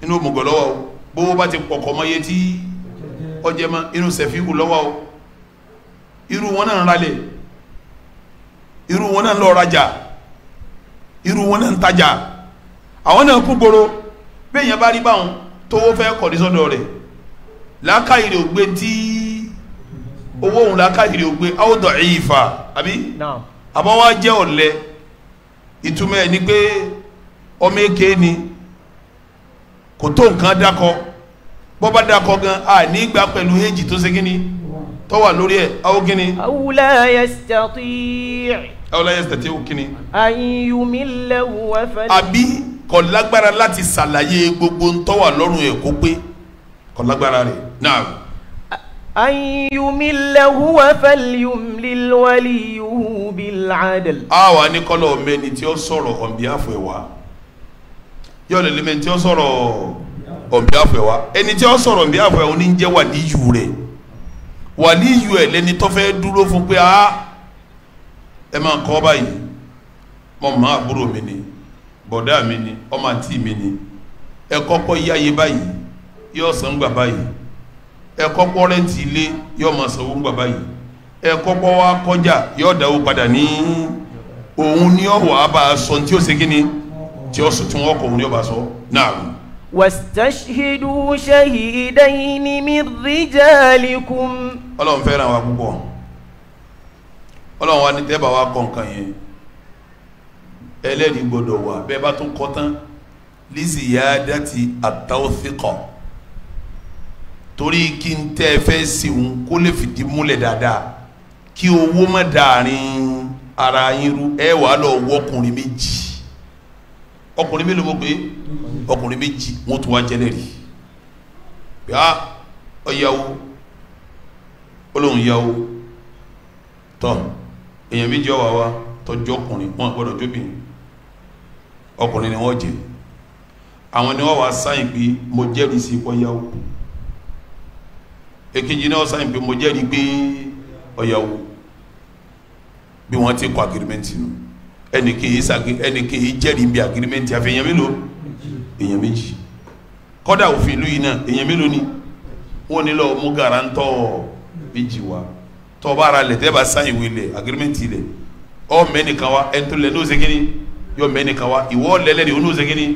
inú òmùgọ̀ lọ́wọ́ o bówó bá ti pọ̀kọ̀ mọ́ iye tí ọjẹ́ mọ́ inú sẹ̀fíhù lọ́wọ́ irú wọn náà ń ralẹ̀ irú wọn náà lọ rajà irú wọn náà ń tajà àwọn náà kú gbòòrò bẹ́ẹ̀ yẹn bá rí báwọn tówó fẹ́ kọ̀dí sọ́dọ̀ rẹ̀ lákàyèrè ògbé tí owó òun lákàyèrè ògbé áwòdọ̀ ìfà àbí àbọ̀ wá jẹ́ ọ̀lẹ ìtumọ̀ ẹ̀ ni pé ọmọ èké ni kò tó nǹkan dákọ bọ́ bá dákọ gan a ní pẹ̀lú èjì tó ṣe lórí ẹ̀ ọlọ́ yẹn tètè ó kíni. àyùmí lẹ́wù ẹ̀fẹ́. àbí kò lágbára láti ṣàlàyé gbogbo ntọ́ wà lọ́rùn ẹ̀ kó pé kò lágbára rẹ̀ náà. àyùmí lẹ́wù ẹ̀fẹ́ lìwálì yòówù bí làádẹ́lì. àwa ní kọ́lọ̀ mẹ́ni tí ó sọ̀rọ̀ ọ̀nbí àfọ̀ ẹ̀ wá yóò lè lẹ́mẹ̀ tí ó sọ̀rọ̀ ọ̀nbí àfọ̀ ẹ̀ wá ẹni tí ó sọ̀rọ̀ ọ̀nbí àfọ̀ ẹ̀ wá ní jẹ́ wàlíyù rẹ̀ wàlíyù ẹ̀ lẹ́ni tó fẹ́ dúró fún pé aaa. ẹ máa kọ́ báyìí mọ màá àbúrò mi ni bọ̀dá mi ni ọmọ àǹtí mi ni ẹ kọ́kọ́ yáyé báyìí yóò san gbà báyìí ẹ kọ́kọ́ rẹ́ǹtì ilé yóò máa sanwó gbà báyìí ẹ kọ́kọ́ wá kọjá yóò dáwó padà ní òun ni ọ̀wọ́ àbá sọ tí ó ṣe kí ni tí ó sọ tí wọ́n òun ọba sọ náà. ọlọ́run fẹ́ràn wa púpọ̀. ọlọ́run wa ní tẹ́bà wa kọ nǹkan yẹn ẹlẹ́rìí gbọ́dọ̀ wà bẹ́ẹ̀ bá tún kọ́ tán lizzy yá dátì àtàwọ́síkọ̀ torí kí n tẹ́ ẹ fẹ́ sèwọ́n kó lè fìdí múlẹ̀ dáadáa kí owó má dàárín ara yín rú ẹ wàá lọ wọ ọkùnrin méjì ọkùnrin mélòó mo pé ọkùnrin méjì wọn tún wá jẹlẹ́rìí ah, yá ọ̀yàwó olóhùn yàwó tọ́ èèyàn méjì ọwà wa tọjú ọkùnrin wọn gbọ́dọ̀ jóbìn ọkùnrin ni wọ́n jẹ àwọn ni wọ́n wá sáyìn pé mo jẹ́rìí sí ọyàwó èkejì náà sáyìn pé mo jẹ́rìí pé ọyàwó bí wọ́n ti kọ agirimẹnti nù ẹnì kìí sàgé ẹnì kìí jẹ́rìí bí agirimẹnti àfi èèyàn mélòó èèyàn méjì kódà òfin ìlú yìí náà èèyàn mélòó ni wọ́n ní lọ mú garantọ méjì wa tọba ara lẹ tẹ b'a san ìwé lẹ agirimenti lẹ ọ mẹ nìkan wa ẹ ntoli n'o segin yọ mẹ nìkan wa ìwọ lẹlẹ de o n'o segin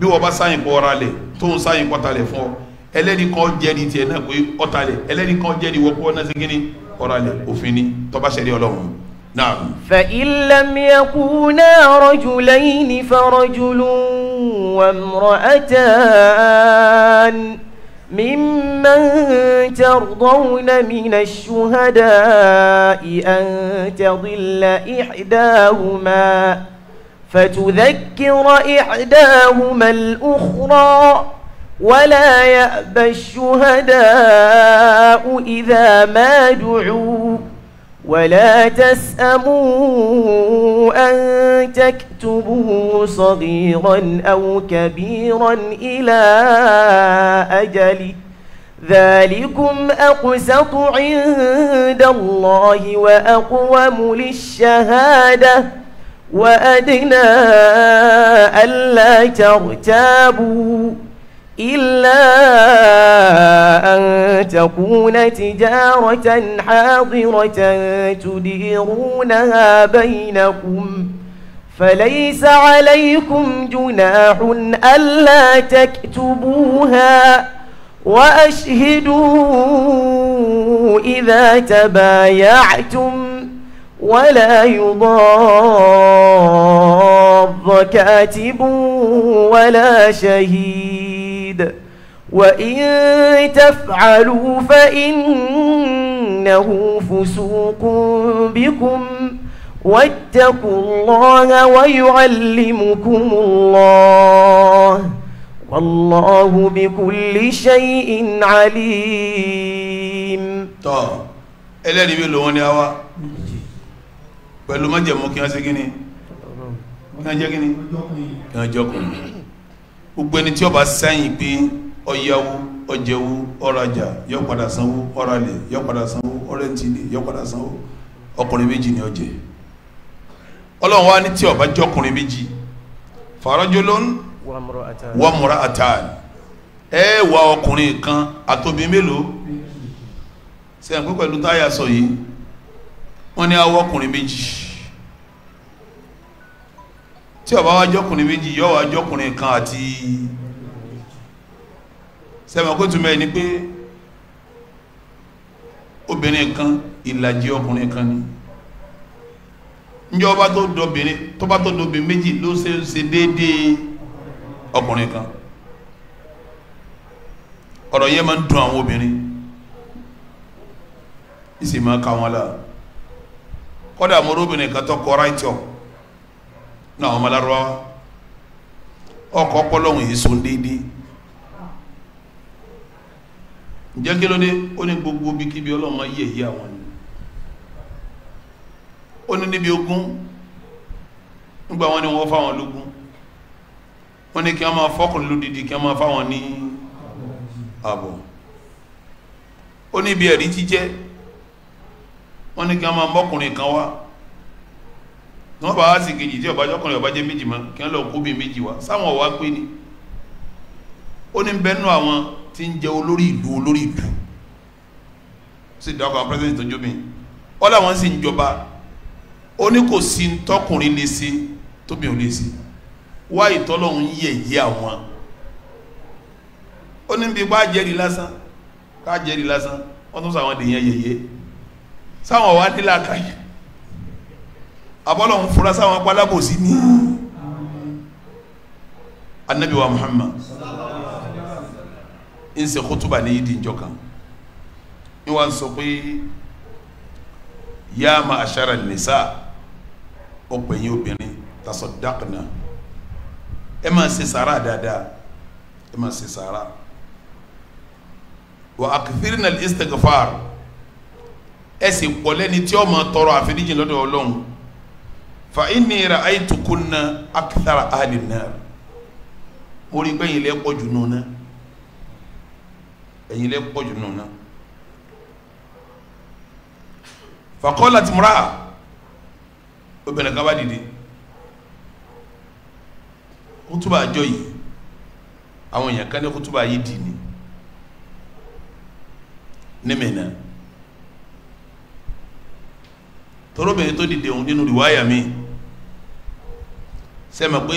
bí wọn bá san ìkọ ọra lẹ tó ń san ìkọ ta lẹ fún ọ ẹlẹ́ni kan jẹ́ ni tiẹ̀ náà pé ọta lẹ ẹlẹ́ni kan jẹ́ ni wọ́pọ̀ náà segin ọra lẹ òfin ni tọba sẹ́ni ọlọ́run náà. فإن لم يكونا رجلين فرجل وامرأتان ممن ترضون من الشهداء أن تضل إحداهما فتذكر إحداهما الأخرى ولا يأبى الشهداء إذا ما دعوا ولا تسأموا أن تكتبوه صغيرا أو كبيرا إلى أجل ذلكم أقسط عند الله وأقوم للشهادة وأدنى ألا ترتابوا إلا أن تكون تجارة حاضرة تديرونها بينكم فليس عليكم جناح ألا تكتبوها وأشهدوا إذا تبايعتم ولا يضار كاتب ولا شهيد مجيد وإن تفعلوا فإنه فسوق بكم واتقوا الله ويعلمكم الله والله بكل شيء عليم طب ẹlẹ́rìí bí lòun ni a wá pẹ̀lú májẹ̀mú kí wọ́n ṣe kí ni kí wọ́n jẹ́ gbogbo ẹni tí ó bá sẹ́yìn pé ọ̀yàwó ọ̀jẹ̀wó ọ̀rajà yóò padà sanwó ọ̀ralẹ̀ yóò padà sanwó ọ̀rẹ́ntìlẹ̀ yóò sanwó ọkùnrin méjì ni ọ̀jẹ̀ ọlọ́run wa ní tí ó bá jẹ́ ọkùnrin méjì farajolon wàmúra atan ẹ wà ọkùnrin kan àtòbí mélòó sẹ́yìn pé pẹ̀lú táyà sọ yìí wọ́n ní awọ́ ọkùnrin méjì tí ó bá wá jọkùnrin méjì yóò wá jọkùnrin kan àti sẹ́wọ̀n kó túnmọ̀ ní pé obìnrin kan ìlàjì ọkùnrin kan ni njẹ́ ọba tó dọ̀bìnrin tó bá tó dọ̀bìnrin méjì ló ṣe ń ṣe déédéé ọkùnrin kan ọ̀rọ̀ yẹn máa ń dùn àwọn obìnrin ìsì máa ka wọn la kọ́dà mo róbìnrin kan tó kọ́ ráìtì ọ̀hún ní àwọn ọmọlára ọkọ̀ ọpọlọ́hún yìí so déédéé ǹjẹ́ kí ló dé ó ní gbogbo bí kíbi ọlọ́mọ yìí èyí àwọn ni ó ní níbi ogún nígbà wọn ni wọ́n fáwọn lógún wọ́n ní kí wọ́n máa fọ́kùnrin lódìdí kí wọ́n máa fáwọn ní ààbọ̀ ó ní ibi ẹ̀rí jíjẹ́ wọ́n ní kí wọ́n máa mọ́kùnrin kan wá tí wọ́n bá wá sí kejì tí ọ̀bájọ́ kan ọ̀bá jẹ́ méjì mọ́ kí wọ́n lọ kó bí méjì wá sáwọn ọ̀wá pé ni ó ní bẹ́nu àwọn tí ń jẹ́ olórí ìlú olórí ìlú sì dákọ̀ àwọn president tó jómi wọ́n làwọn sì ń jọba ó ní kò sí tọkùnrin lè ṣe tóbi ò lè ṣe wá ìtọ́lọ́hún yẹ̀yẹ́ àwọn ó ní bí wàá jẹ́rìí lásán ká jẹ́rìí lásán wọ́n tún sọ àwọn ènìyàn yẹ̀yẹ́ sáwọn wá nílà kàyẹ́ abọ́lọ̀ ń fura sáwọn pálábòsí ní Ànábì Muhammad ń ṣe kútùbà ní yìí díjọ kan ń wá sọ pé yá ma aṣára nìsá ọ̀pẹ̀yìn obìnrin tasaddaqna ẹ máa ṣe sàárà dáadáa ẹ máa ṣe sàárà wa akthirna al-istighfar ẹ sì pọ̀ lẹ́ni tí ó máa tọrọ àforíjì lọ́dọ̀ Ọlọ́run fa inni ra'aytukunna akthara ahli an-nar mo rí pé ẹ̀yin lẹ pọ̀jù nùnà ẹ̀yin lẹ pọ̀jù nùnà fa qalat imra'a obìnrin kan bá dìde kútùbà àjọ yìí àwọn èèyàn kan ní kútùbà yìí dì ní ní torobìnrin tó dìde òun nínú ìwáyà mi sẹ́mọ̀ pé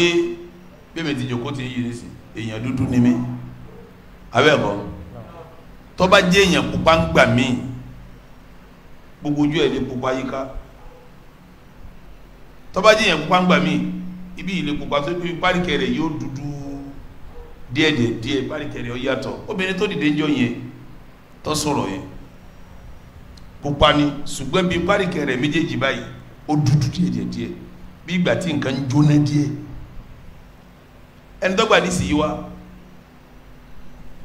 bẹ́mi ti jòkó ti ń yìí nísìn èèyàn dúdú ni mí abẹ́ẹ̀kọ́ tó bá jẹ́ èèyàn pupa ń gbà mí gbogbo ojú ẹ̀ lè pupa yíká tó bá jẹ́ èèyàn pupa ń gbà mí ibi ìlè pupa tó bí páríkẹ̀ rẹ̀ yóò dúdú díẹ̀díẹ̀ díẹ̀ páríkẹ̀ rẹ̀ yàtọ̀ obìnrin tó dìde jọ yẹn tó sọ̀rọ̀ yẹn pupa ni ṣùgbọ́n bí páríkẹ̀ rẹ̀ méjèèjì báyìí ó dúdú díẹ̀díẹ̀ díẹ̀ bí ìgbà tí nǹkan jóná díẹ̀ ẹni dọ́gba ní sì yí wa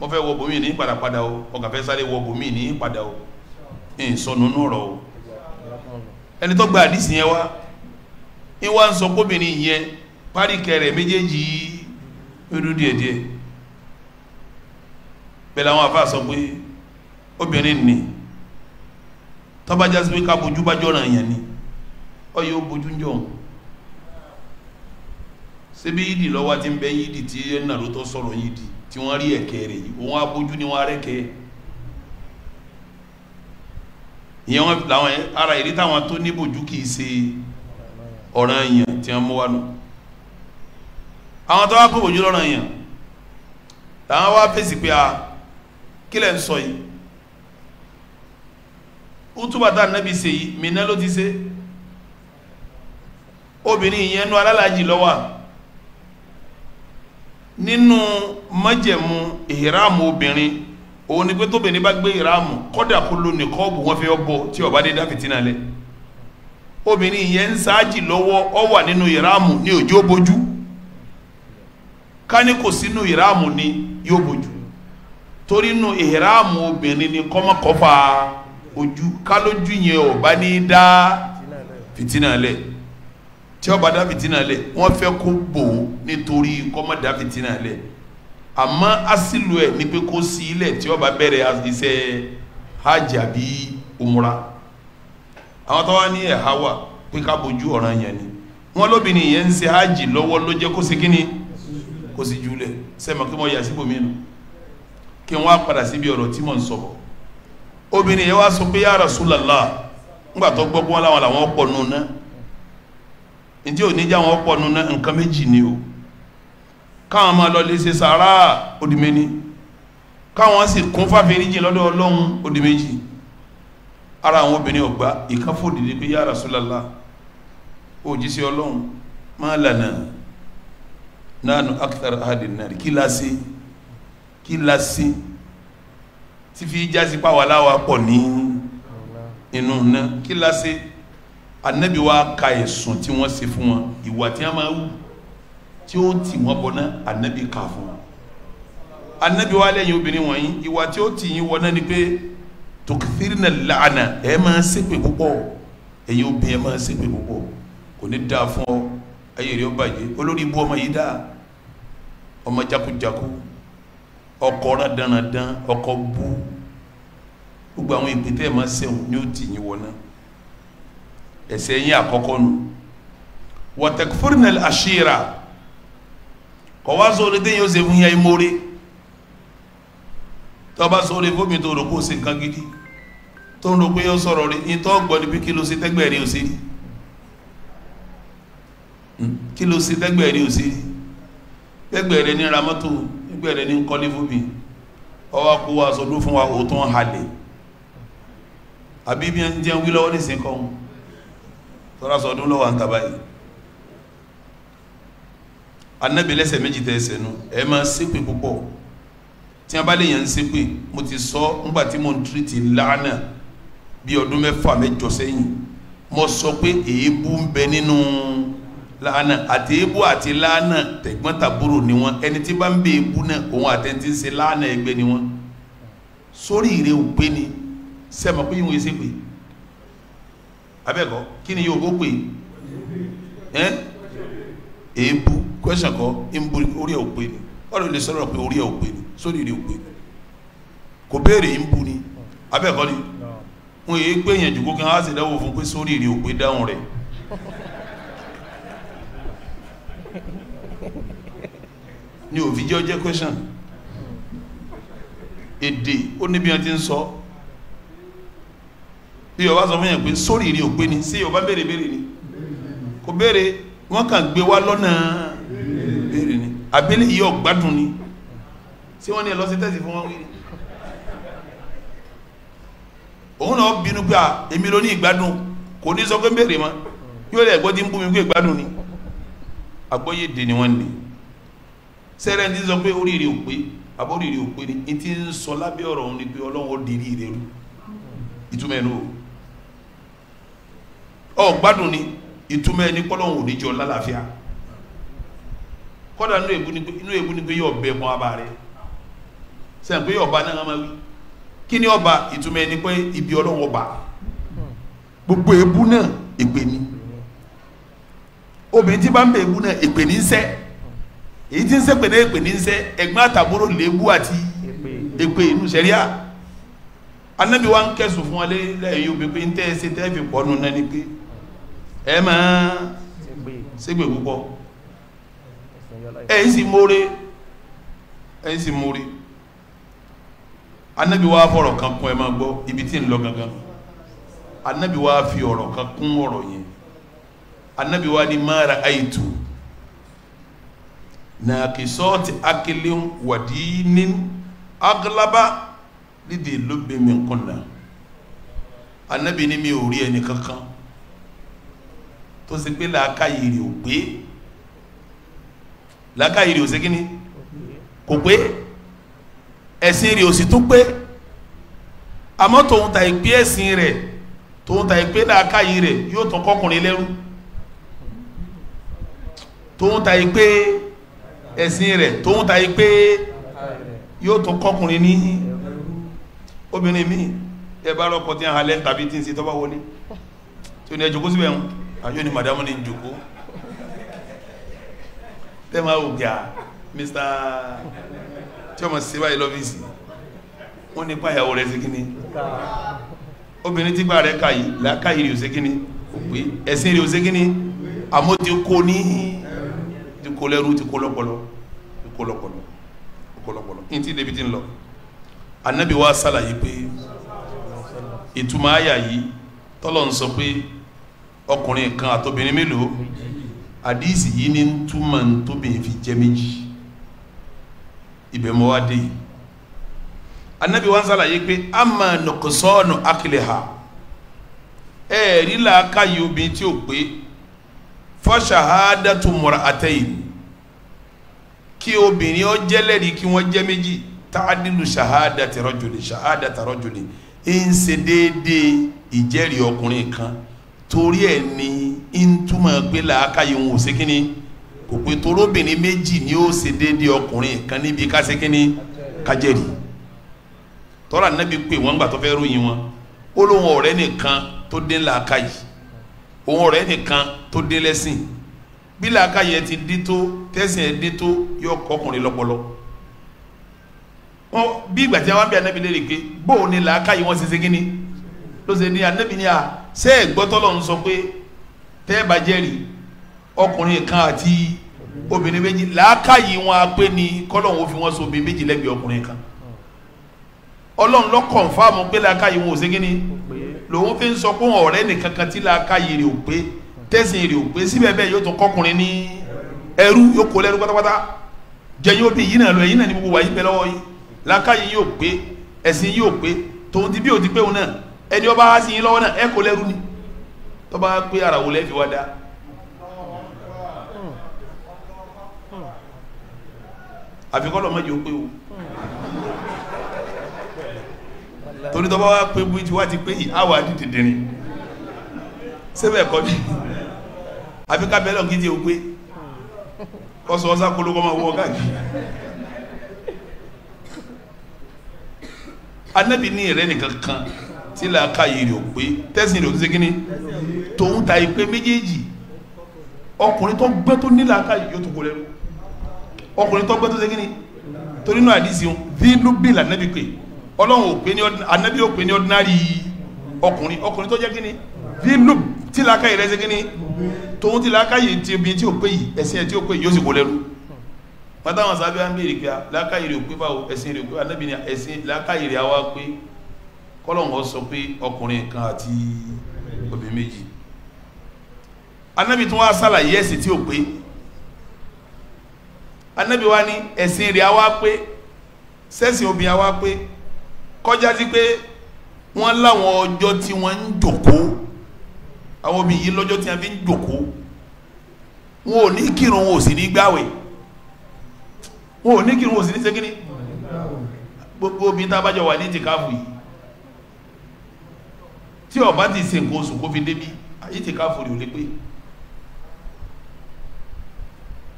mo fẹ́ wọ bòmí ní padà padà o ọkà fẹ́ sáré wọ bòmí ní padà o ń sọnù nọ̀rọ̀ o ẹni dọ́gba àdìsí wa ń ń sọ kóbìnrin yẹn parí kẹrẹ méjèèjì dúdú díẹ̀díẹ̀ bẹ́ẹ̀ làwọn afa sọ pé obìnrin ni tọ́bajásí pé ká bojú bá jọ̀ràn yẹn ni ọ yóò bojú ń jọ̀hún ṣebí yídì lọ́wọ́ ti ń bẹ yídì tí ẹ̀nà ló tọ́ sọ̀rọ̀ yídì tí wọ́n rí ẹ̀kẹ́ rẹ̀ yìí òun abójú ni wọ́n arẹ́kẹ́ ìyẹn wọn ara ìrí táwọn tó níbòjú kì í ṣe ọ̀ràn èèyàn tí wọ́n mú wá nù àwọn tó wá kó bòjú lọ́ràn èèyàn làwọn wá fèsì pé a kí lẹ̀ ń sọ yìí útúbàtà nàbì ṣe yìí mìíràn ló ti ṣe obìnrin ìyẹn nu alálàájì lọ́wọ́ à nínú májẹ̀mú ìhìráàmù obìnrin òun ni pé tóbìnrin bá gbé ìhìráàmù kọ́dà kó nìkọ́ọ̀bù tí dé obìnrin yẹn ń sáájì lọ́wọ́ ọ wà nínú ni yóò bojú torí nínú ìhìráàmù obìnrin ni kọ́mọkọ́fà ojú ká yẹn ọba ní dá fìtínà tí ọba dá fìtínà lẹ̀ wọ́n fẹ́ kó bò ó nítorí kọ́mọ dá fìtínà lẹ̀ àmọ́ asílù ẹ̀ ní pé kó sí ilẹ̀ tí ọba bẹ̀rẹ̀ iṣẹ́ hajj àbí umra àwọn tó wá ní ẹ̀ha wà pé ká bójú ọ̀ràn yẹn ni wọ́n lóbìnrin yẹn ń ṣe hajj lọ́wọ́ ló jẹ́ kó ṣe kí ni kó sì júlẹ̀ sẹ́mọ̀ kí wọ́n yà síbò mí nù kí wọ́n á padà síbi ọ̀rọ̀ tí mò ń sọ̀bọ̀ obìnrin yẹn wá sọ pé ya Rasulullah ńgbà tó gbọ́ pé wọ́n láwọn làwọn pọ̀ nù náà ntí ò ní já wọn pọ̀ nínú nǹkan méjì ni o káwọn máa lọ lè ṣe sàárà òdìmẹ́ni káwọn sì kún fàfẹ́ríjì lọ́dọ̀ ọlọ́run òdìmẹ́jì ara àwọn obìnrin ọ̀gbá ìkáfòdìdí pé ya Rasulullah òjísí ọlọ́run máa lànà nánú akthar ahadin náà kí lásì kí lásì tí fi já sí pàwọ́ aláwa pọ̀ ní inú náà kí lásì anabi wa ka ẹ̀sùn tí wọ́n ṣe fún wọn ìwà tí wọ́n máa wù tí ó tì wọ́n bọ̀ náà anabi kà fún wọn anabi wa lẹ́yìn obìnrin wọ̀nyí ìwà tí ó tì yín wọ́n náà ni pé tukthirna la'ana ẹ̀ máa ṣépè púpọ̀ ẹ̀yin obìnrin máa ṣépè púpọ̀ kò ní dáa fún ọ ayé rẹ bàjẹ́ olórí ibú ọmọ yìí dáa ọmọ jakujaku ọkọ rádaràdán ọkọ bú gbogbo àwọn ìpìtẹ́ ẹ̀ máa ṣẹ̀wọ̀n ni ó tì yín wọ́n náà ẹ̀ṣẹ̀ yín àkọ́kọ́ nu wa takfurnal ashira kọ́ wá sóore téèyàn ó ṣe fún yẹn mórí tọ́ba sóore fómi tó gidi tó ń rò pé yóò sọ̀rọ̀ rí yín tó gbọ́ ni bí kí ló ṣe tẹ́gbẹ́ rí o ṣe rí hmm? kí ló ṣe tẹ́gbẹ́ rí o ṣe rí tẹ́gbẹ́ rẹ ní ra mọ́tò tẹ́gbẹ́ rẹ ní kọ́lé fómi wa sọdún fún wa òótọ́ halẹ̀ àbí bí wọ́n ń jẹun wí lọ́wọ́ nísìnyí kọ́ wọn tọ́rọsọ ọdún lọ́wọ́ nǹkan báyìí Ànábì lẹ́sẹ̀ méjì tẹ́ ẹsẹ̀ nu ẹ máa ṣépè púpọ̀ tí a bá lè yàn ń ṣépè mo ti sọ ńgbà tí mo ń tiriti lánà bí ọdún mẹ́fà mẹ́jọ sẹ́yìn mo sọ pé èébú ń bẹ nínú lánà àti èébú àti lánà tẹ̀gbọ́ntàbúrò ni wọ́n ẹni tí bá ń bẹ èébú náà òun àtẹ̀ntì ń ṣe lánà ẹgbẹ́ ni wọ́n sórí ìrẹ́ òpé ni sẹ́mi pé ìwọ̀n ṣépè abẹ́kọ̀ kí ni yóò gbé ẹ èébú kwẹ́sàn kọ́ èébú orí ẹ̀ ò pé ni ọ̀rọ̀ ilé sọ̀rọ̀ pé orí ẹ̀ ò pé ni sórí rẹ̀ ò pé ni kò béèrè èébú ni abẹ́kọ̀ ni wọn èé gbé yẹn jù kókè á sì dáwọ́ fún pé sórí rẹ̀ ò pé dáhùn rẹ̀ ni òfin jẹ́ kwẹ́sàn èdè ó níbi wọn ti ń sọ. So yóò bá sọ fún yẹn pé sórí ìrìn òpé ni sí yóò bá béèrè béèrè ni kò béèrè wọn kàn gbé wá lọ́nà béèrè ni abẹ́lẹ̀ yìí ọ̀gbádùn ni sí wọn ni ẹ lọ sí tẹ̀sí fún wọn wí òun náà bínú pé à èmi ló ní ìgbádùn kò ní sọ pé béèrè mọ́ yóò lè gbọ́ tí ń bú mi pé ìgbádùn ni àgbọ́yé dè ni wọ́n ní sẹ́rẹ̀ ti sọ pé oríire ò pé àbóríire ò pé ni ti ń sọ lábẹ́ ọ̀rọ̀ òun ni pé ọlọ́run ó dirí ìtumẹ̀ nù o ọ gbádùn ni ìtumọ̀ ẹni kọ́lọ́hún ò ní jọ lálàáfíà kọ́dà inú èbú ni pé yóò bẹ mọ́ abá rẹ sẹ́yìn pé yóò bá náà máa wí kí ni ọba ìtumọ̀ ẹni pé ibi ọlọ́hún ọba gbogbo èbú náà ègbè ni obìnrin tí bá ń bẹ èbú náà ègbè ní sẹ́ èyí tí ń sẹ́ pè ní ègbè ní sẹ́ ẹ̀gbọ́n àtàbúrò lèébú àti ègbè inú sẹ́ríà anabi wa ń kẹsùn fún wa lẹ́yìn yóò tẹ́ ẹ ṣe tẹ́ ẹ fi pọ̀ náà ni pé. ẹ máa ṣégbè púpọ̀ ẹ̀yìn sì mórè ẹ̀yìn sì mórè anabi wa fọ̀rọ̀ kan kún ẹ máa gbọ́ ibi tí ń lọ gangan anabi wa fi ọ̀rọ̀ kan kún ọ̀rọ̀ yẹn anabi wa ni mara aitu naakisɔɔti akilin agalaba, aglaba lidi lubbi min kunna anabi ni mi ò rí ẹni kankan tó ṣe pé làákàyè rẹ̀ ò pé làákàyè rẹ̀ ò ṣe kíni kò pé ẹ̀sìn rẹ̀ ò sì tún pé àmọ́ tòun ta ìpè ẹ̀sìn rẹ̀ tòun ta ìpè làákàyè rẹ̀ yóò tán kọkùnrin lẹ́rú tòun ta ìpè ẹ̀sìn rẹ̀ tòun ta ìpè yóò tán kọkùnrin ní obìnrin míì ẹ bá rọkọ tí a tàbí tí ń ṣe tọ́ba wọlé tí o ní ẹjọ́ kó síbẹ̀ ń àjọ ni madamu ni njoko tẹ́ máa wò gíà ah, mr tí ọmọ sí báyìí lọ́fíìsì wọ́n ní páyàwó rẹ̀ sí kíní obìnrin tí gbà rẹ̀ káyì lákàyè rẹ̀ sí kíní òpè ẹ̀sìn rẹ̀ sí kíní àmọ́ ti kó ní ti kó lẹ́rú ti kó lọ́pọlọ ti kó lọ́pọlọ ti kó lọ́pọlọ ní ti débi ti ń lọ anabi wa sálàyé pé ìtumọ̀ àyà yìí tọ́lọ̀ ń sọ pé ọkùnrin kan àtobìnrin mélòó àdíìsì yìí ní túmọ̀ tóbìnrin fi jẹ́ méjì ibẹ̀ mọ́ wá dé yìí anabi wa ń sàlàyé pé a máa nọ̀kọ̀sọ́ọ̀nù akílẹ̀ ha ẹ̀ẹ́rí làákàyè obìnrin tí ó pé fọ́ṣàhádàtú mọ̀rọ̀ àtẹ̀yìn kí obìnrin ó jẹ́lẹ̀rí kí wọ́n jẹ́ méjì tàdílù ṣàhádàtì rọ́jòlè ṣàhádàtà rọ́jòlè ń ṣe déédéé ìjẹ́rìí ọkùnrin kan torí ẹ̀ ní ìtumọ̀ pé làákàyè ń wò sí kínní kò pé torobìnrin méjì ni ó ṣe déédéé ọkùnrin kan níbi ká ṣe kínní kájẹ́rì tọ́lá nàbí pé wọ́n gbà tó fẹ́ ròyìn wọn ó lóun ọ̀rẹ́ nìkan tó dé làákàyè òun ọ̀rẹ́ nìkan tó dé lẹ́sìn bí làákàyè ti dé tó tẹ́sìn ẹ̀ dé tó yọ ọkùnrin lọ́pọlọ wọn bí ìgbà tí wọn bí anabi lè rí i pé bóun ni làákàyè wọn ṣe ṣe kínní ló ṣe ní anabi ni a ṣé ẹ gbọ́ t'Ọlọ́run sọ pé tẹ́ ẹ bá jẹ́rìí ọkùnrin kan àti obìnrin méjì làákàyè wọn á pé ni k'Ọlọ́run ó fi wọn so obìnrin méjì lẹ́gbẹ̀ẹ́ ọkùnrin kan Ọlọ́run ló kọ̀ǹfàmù pé làákàyè wọn ò ṣe kíni lòun fi ń sọ pé wọn ọ̀rẹ́ nìkan kan tí làákàyè rẹ̀ ò pé tẹ̀sìn rẹ̀ ò pé síbẹ̀ bẹ́ẹ̀ yóò tún kọkùnrin ní ẹrú yóò kó lẹ́rú pátápátá jẹyìn òbí yìí náà lọ yìí náà ni gbogbo wàyí bẹ lọ́wọ́ yìí làákàyè yóò pé ẹ̀sìn yóò pé tòun ti bí òdi pé òun náà ẹni ọba wá sí yín lọ́wọ́ náà ẹ kò lẹ́rú ni tọ́ba pé ara wò lẹ́fi wá dá àfikọ́lọ̀ mọ́jì ó pé o torí tọ́ba wá pé bíi tiwa ti pé yìí á wà á di dìndìnrín sẹ́bẹ̀ kọ́ ni àfikà bẹ́ẹ̀ lọ́n kí n ti o pé kọ́sọ̀ ọ́sá kolókọ́ máa wọ́ káàkiri. anabi ní ìrẹ́ nìkan kan tí làákàyè rẹ̀ ò pé tẹ́sìn rẹ̀ ò ṣe kíni tòun ta ìpè méjèèjì ọkùnrin tó gbẹ́ tó ní làákàyè yóò tó kó lẹ́nu ọkùnrin tó gbẹ́ tó ṣe ni torí náà àdìsí o dínú bíl ànábì pé ọlọ́run ò pé ní ànábì ò pé ní ordinary ọkùnrin ọkùnrin tó jẹ́ kíni dínú tí làákàyè rẹ̀ ṣe kíni tòun ti làákàyè ti omi tí ò pé yìí ẹ̀sìn ẹ̀ tí ò pé yìí yóò sì kó lẹ́nu pátáwọn sábẹ́ wọn béèrè pé làákàyè rẹ̀ ò pé báwo ẹ̀sìn rẹ̀ ò pé ànábì ni ẹ̀sìn làákàyè rẹ̀ àwa pé kọ́lọ́hún sọ pé ọkùnrin kan àti obìnrin méjì anabi tún wá sàlàyé ẹ̀sìn tí ò pé anabi wá ní ẹ̀sìn rẹ̀ wá pé sẹ́sìn obìnrin wá pé kọjá sí pé wọ́n láwọn ọjọ́ tí wọ́n ń jòkóó àwọn obìnrin yìí lọ́jọ́ tí wọ́n fi ń jòkóó wọn ò ní kírun wọn ò sì ní gbáwẹ̀ wọn ò ní kírun wọn ò sì ní ṣe kíní gbogbo obìnrin tá a bá jọ wà ní ìtìkáfù yìí tí ó bá ti ṣe nǹkan oṣù kó fi débi ayé ti ká forí ò lè pé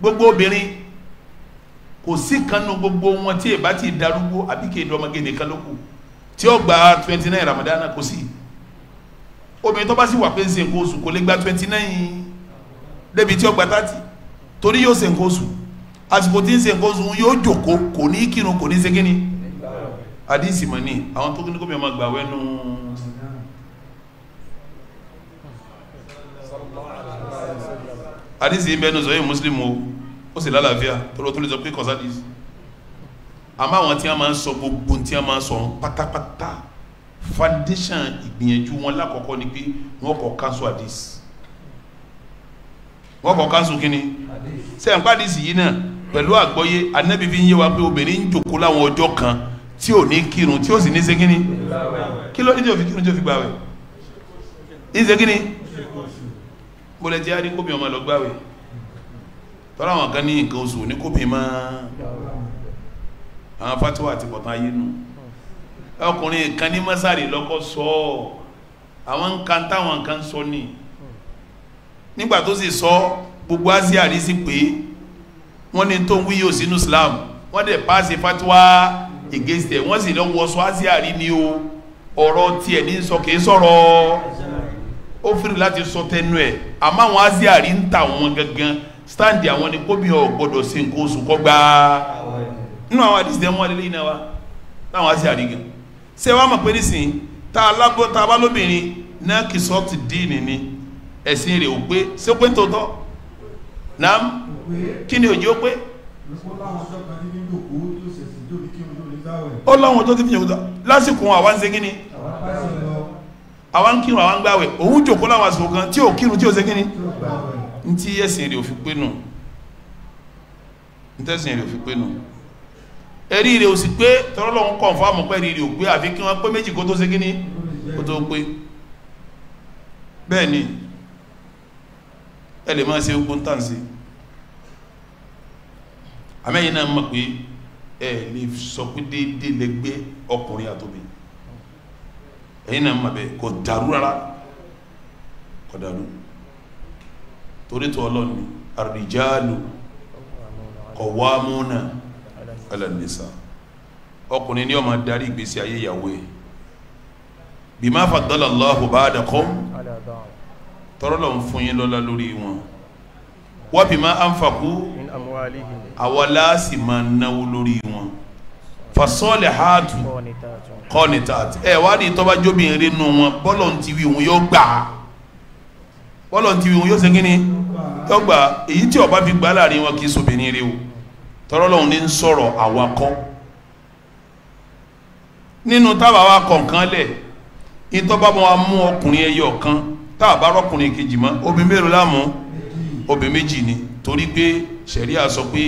gbogbo obìnrin kò sí kanú gbogbo wọn tí ìbá ti darúgbó àbí kí ìdọ́mọge nìkan ló kù tí ó gba twenty nine Ramadan kò sí obìnrin tó bá sì wà pé ń ṣe nǹkan oṣù kò lè gba twenty nine débi tí ó gba thirty torí yóò ṣe nǹkan oṣù àsìkò tí ń ṣe nǹkan oṣù yóò jòkó kò ní kírun kò ní ṣe kíni àdìsí mọ̀ ni àwọn tó kí ni kò mẹ́ gbà wẹ́nu. àdìsí bẹ́ẹ̀ ní sọ́yìn mùsùlùmí o ó sì lálàáfíà tọ́lọ́ tó lè sọ pé kọ́sá dì í àmọ́ àwọn pata a máa ń sọ gbogbo tí a máa ń sọ pátápátá foundation ìgbìyànjú wọn lákọ̀ọ́kọ́ ni pé wọ́n kọ́ cancel àdìsí wọ́n kọ́ cancel kínní sẹ́yìn pàdìsí yìí náà pẹ̀lú àgbọ́yé anábì fi ń yé wa pé obìnrin ń jòkó láwọn ọjọ́ kan tí ò ní kírun tí ó sì ní ṣe kínní kí ló ní tí ò fi kírun tí ò fi gbààwẹ̀ ní ṣe kínní bọ́lẹ̀ tí a rí kóbi ọmọ lọ gbáwẹ̀ tọ́lá àwọn kan ní nǹkan oṣù ní kóbi máa àwọn fatiwa àti pọ̀tán ayé nù ọkùnrin kan ní masari lọ́kọ́ sọ àwọn nǹkan táwọn nǹkan sọ ní nígbà tó sì sọ gbogbo asia rí sí pé wọ́n ní tó ń wí yóò sínú Islam wọ́n dẹ̀ paasi fatiwa against ẹ̀ wọ́n sì lọ́wọ́ sọ asia rí ni o ọ̀rọ̀ tiẹ̀ ní sọ kìí sọ̀rọ̀ ó fìrì láti sọ tẹnu ẹ̀ àmọ́ àwọn asia ń ta wọn gangan stand àwọn ni kóbìnrin ò gbọdọ̀ ṣe nǹkan oṣù kọ́ nínú àwọn àdìsí ẹ̀wọ̀n alẹ́ lẹ́yìn náà wa táwọn asia rí gan ṣé wàá mọ̀ pé nísìnyí tá a lágbó tá a bá lóbìnrin náà kì í sọ ti díìnì ni ẹ̀sìn rẹ̀ ò pé ṣé pé tòótọ́ náà kí ni òjò pé ó láwọn tó ti fi yàn kúta lásìkò àwa ń ṣe kí ni àwa ń kírun àwa ń gbàwẹ̀ òun jòkó láwọn àsìkò kan tí ò kírun tí ò ṣe kíni ní tí ẹ̀sìn rẹ̀ ò fi pé nù ní tẹ̀sìn rẹ̀ ò fi pé nù ẹ̀rí rẹ̀ ò sì pé tọ́lọ́lọ́hún kọ̀ fún àmọ́ pé ẹ̀rí rẹ̀ ò pé àfi kí wọ́n pé méjì kó tó ṣe kó tó pé bẹ́ẹ̀ ni ẹ lè máa ṣe ogun tàǹsì àmẹ́yìn náà mọ̀ pé ẹ lè sọ pé déédéé lẹ́gbẹ́ ọkùnrin àtòbí ina mabẹ kò dàrú rárá kò dàrú torí tó ọlọ́run ni àrìjálù qawwamuna ala nisa ọkùnrin ni ó máa darí ìgbésí ayé ìyàwó ẹ̀ bima faddala Allahu ba'dakum tọrọ lọ ń fún yín lọ́lá lórí wọn wa bima anfaqu àwa láàsì máa lórí wọn fasọ́ọ̀lẹ̀ haatu kọ́nìtàt ẹ wá rí tọ́ba jóbìnrin rẹ̀ nù wọn bọ́lọ̀ ti wí òun yóò gbà á bọ́lọ̀ ti wí òun yóò ṣe kí ni yóò gbà á èyí tí ọba fi gbà láàrin wọn kì í sobìnrin rẹ̀ o tọ́rọ́ lọ́hùn ní ń sọ̀rọ̀ àwakọ́ nínú táwa wa kọ̀ọ̀kan lẹ̀ ìtọ́ba mọ́ wa mú ọkùnrin ẹyọ kan táwa bá rọ́kùnrin kejì mọ́ obìnrin mélòó láàmú obìnrin méjì ni torí pé ṣẹ̀ríà sọ pé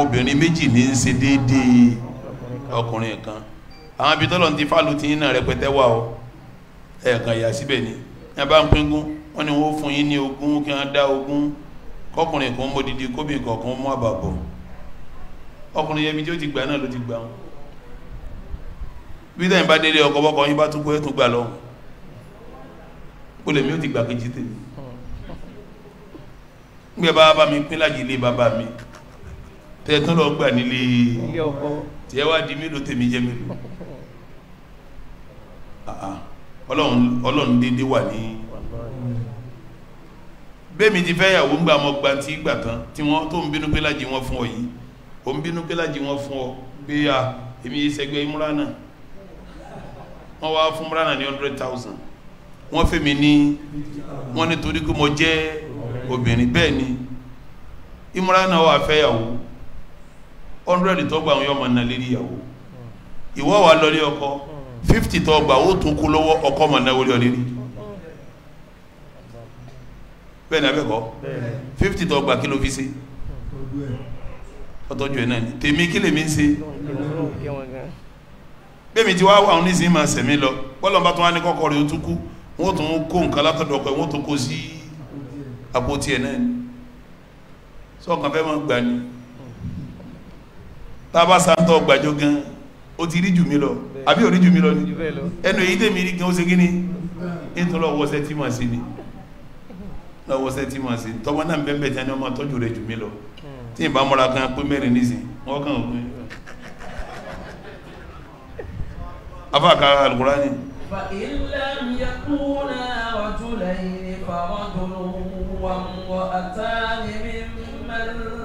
obìnrin méjì ní ń ṣe déédéé ọkùnrin kan àwọn ibi tọ́lọ̀ ti fàlù ti iná rẹpẹtẹ wà ó ẹ̀ẹ̀kan ìyá síbẹ̀ ni ẹ bá ń pínkún wọn ni fún yín ní ogún kí wọ́n dá ogún kọkùnrin kan mọ́didi kóbì kọ̀ọ̀kan mọ àbàbọ̀ ọkùnrin yẹn bí tí ó ti gbà náà ló ti gbà bí bá délé yín tẹ tó lọ gbà nílé tí ẹ wá di mélòó tèmi jẹ mélòó ah, ah. ọlọ́run dédé wà ní bẹ́ẹ̀mi ti fẹ́ yàwó ńgbà mọ́ gba ti gbà tán tí wọ́n tó ń bínú pé lájì wọ́n fún ọ yìí ó ń bínú pé lájì wọ́n fún ọ pé à èmi yìí sẹ́gbẹ́ Imrana wọ́n wá fún Imrana ní hundred thousand wọ́n fẹ́ mi ní wọ́n nítorí pé mo jẹ́ obìnrin bẹ́ẹ̀ ni Imrana wà fẹ́ yàwó hundred tó gbà wọn yọ ọmọ náà lérí ìyàwó ìwọ wà lọlé ọkọ fifty tó gbà ó tó kó lọ́wọ́ ọkọ ọmọ náà wọlé ọlẹ́rí bẹ́ẹ̀ ni abẹ́kọ̀ fifty tó gbà kí ló fi ṣe ọtọ́jú ẹ̀ náà ni tèmi kí lèmi ń ṣe bẹ́ẹ̀mi tí wàá wà wọn nísìnyí máa sẹ̀mí lọ wọ́n lọ́nba tó wá ní kọ́kọ́ rẹ̀ ó tún kú wọ́n tún kó nǹkan látọ̀dọ̀ ọkọ wọ́n tún kó sí àpótí ẹ̀ náà ni sọ́ọ̀kan fẹ́ máa gbà ni tábà sáńtọ́ gbàjọ gan ó ti rí jù mí lọ àbí ò rí jù mí lọ ni ẹnu èyí tèmi rí gan ó ṣe kíni ètò lọ wọ́sẹ̀ tí màá ṣe ni lọ wọ́sẹ̀ tí màá ṣe ni tọ́mọ náà bẹ́ẹ̀ bẹ́ẹ̀ tí wọ́n máa tọ́jú rẹ̀ jù mí lọ tí ìbá mọ́ra kan pé mẹ́rin nísìn wọ́n kàn ó pín afáàkà alukurani. فإن لم يكونا رجلين فرجل وامرأتان ممن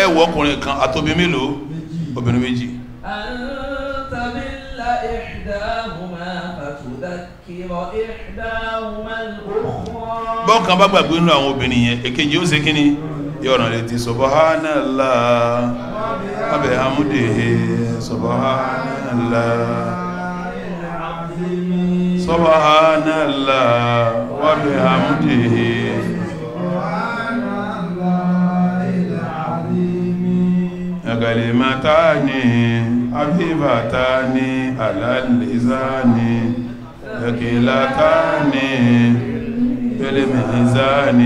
ẹ wọ ọkùnrin kan àtòbí mélòó obìnrin méjì. bọ́ọ̀kan bá gbàgbé nínú àwọn obìnrin yẹn èkejì ó ṣe kí ni yọ̀ràn lè ti subhanallah wa bihamdihi subhanallah. سبحان الله وبحمده سبحان الله العظيم كلمتان حبيبتان على اللسان ثقيلتان بالميزان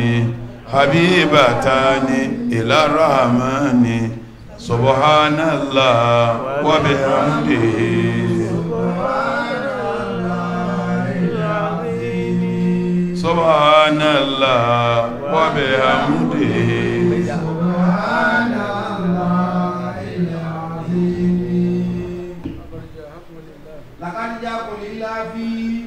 حبيبتان إلى الرحمن سبحان الله وبحمده subhanallah wa bihamdihi subhanallah laqad ja'akum lillahi fi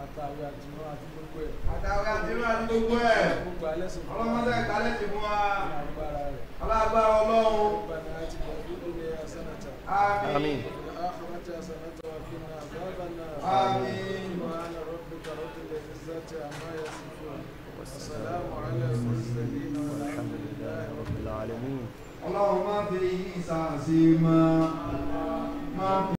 àtàwé àti mọ́ àti gbogbo ẹ̀ تعظيما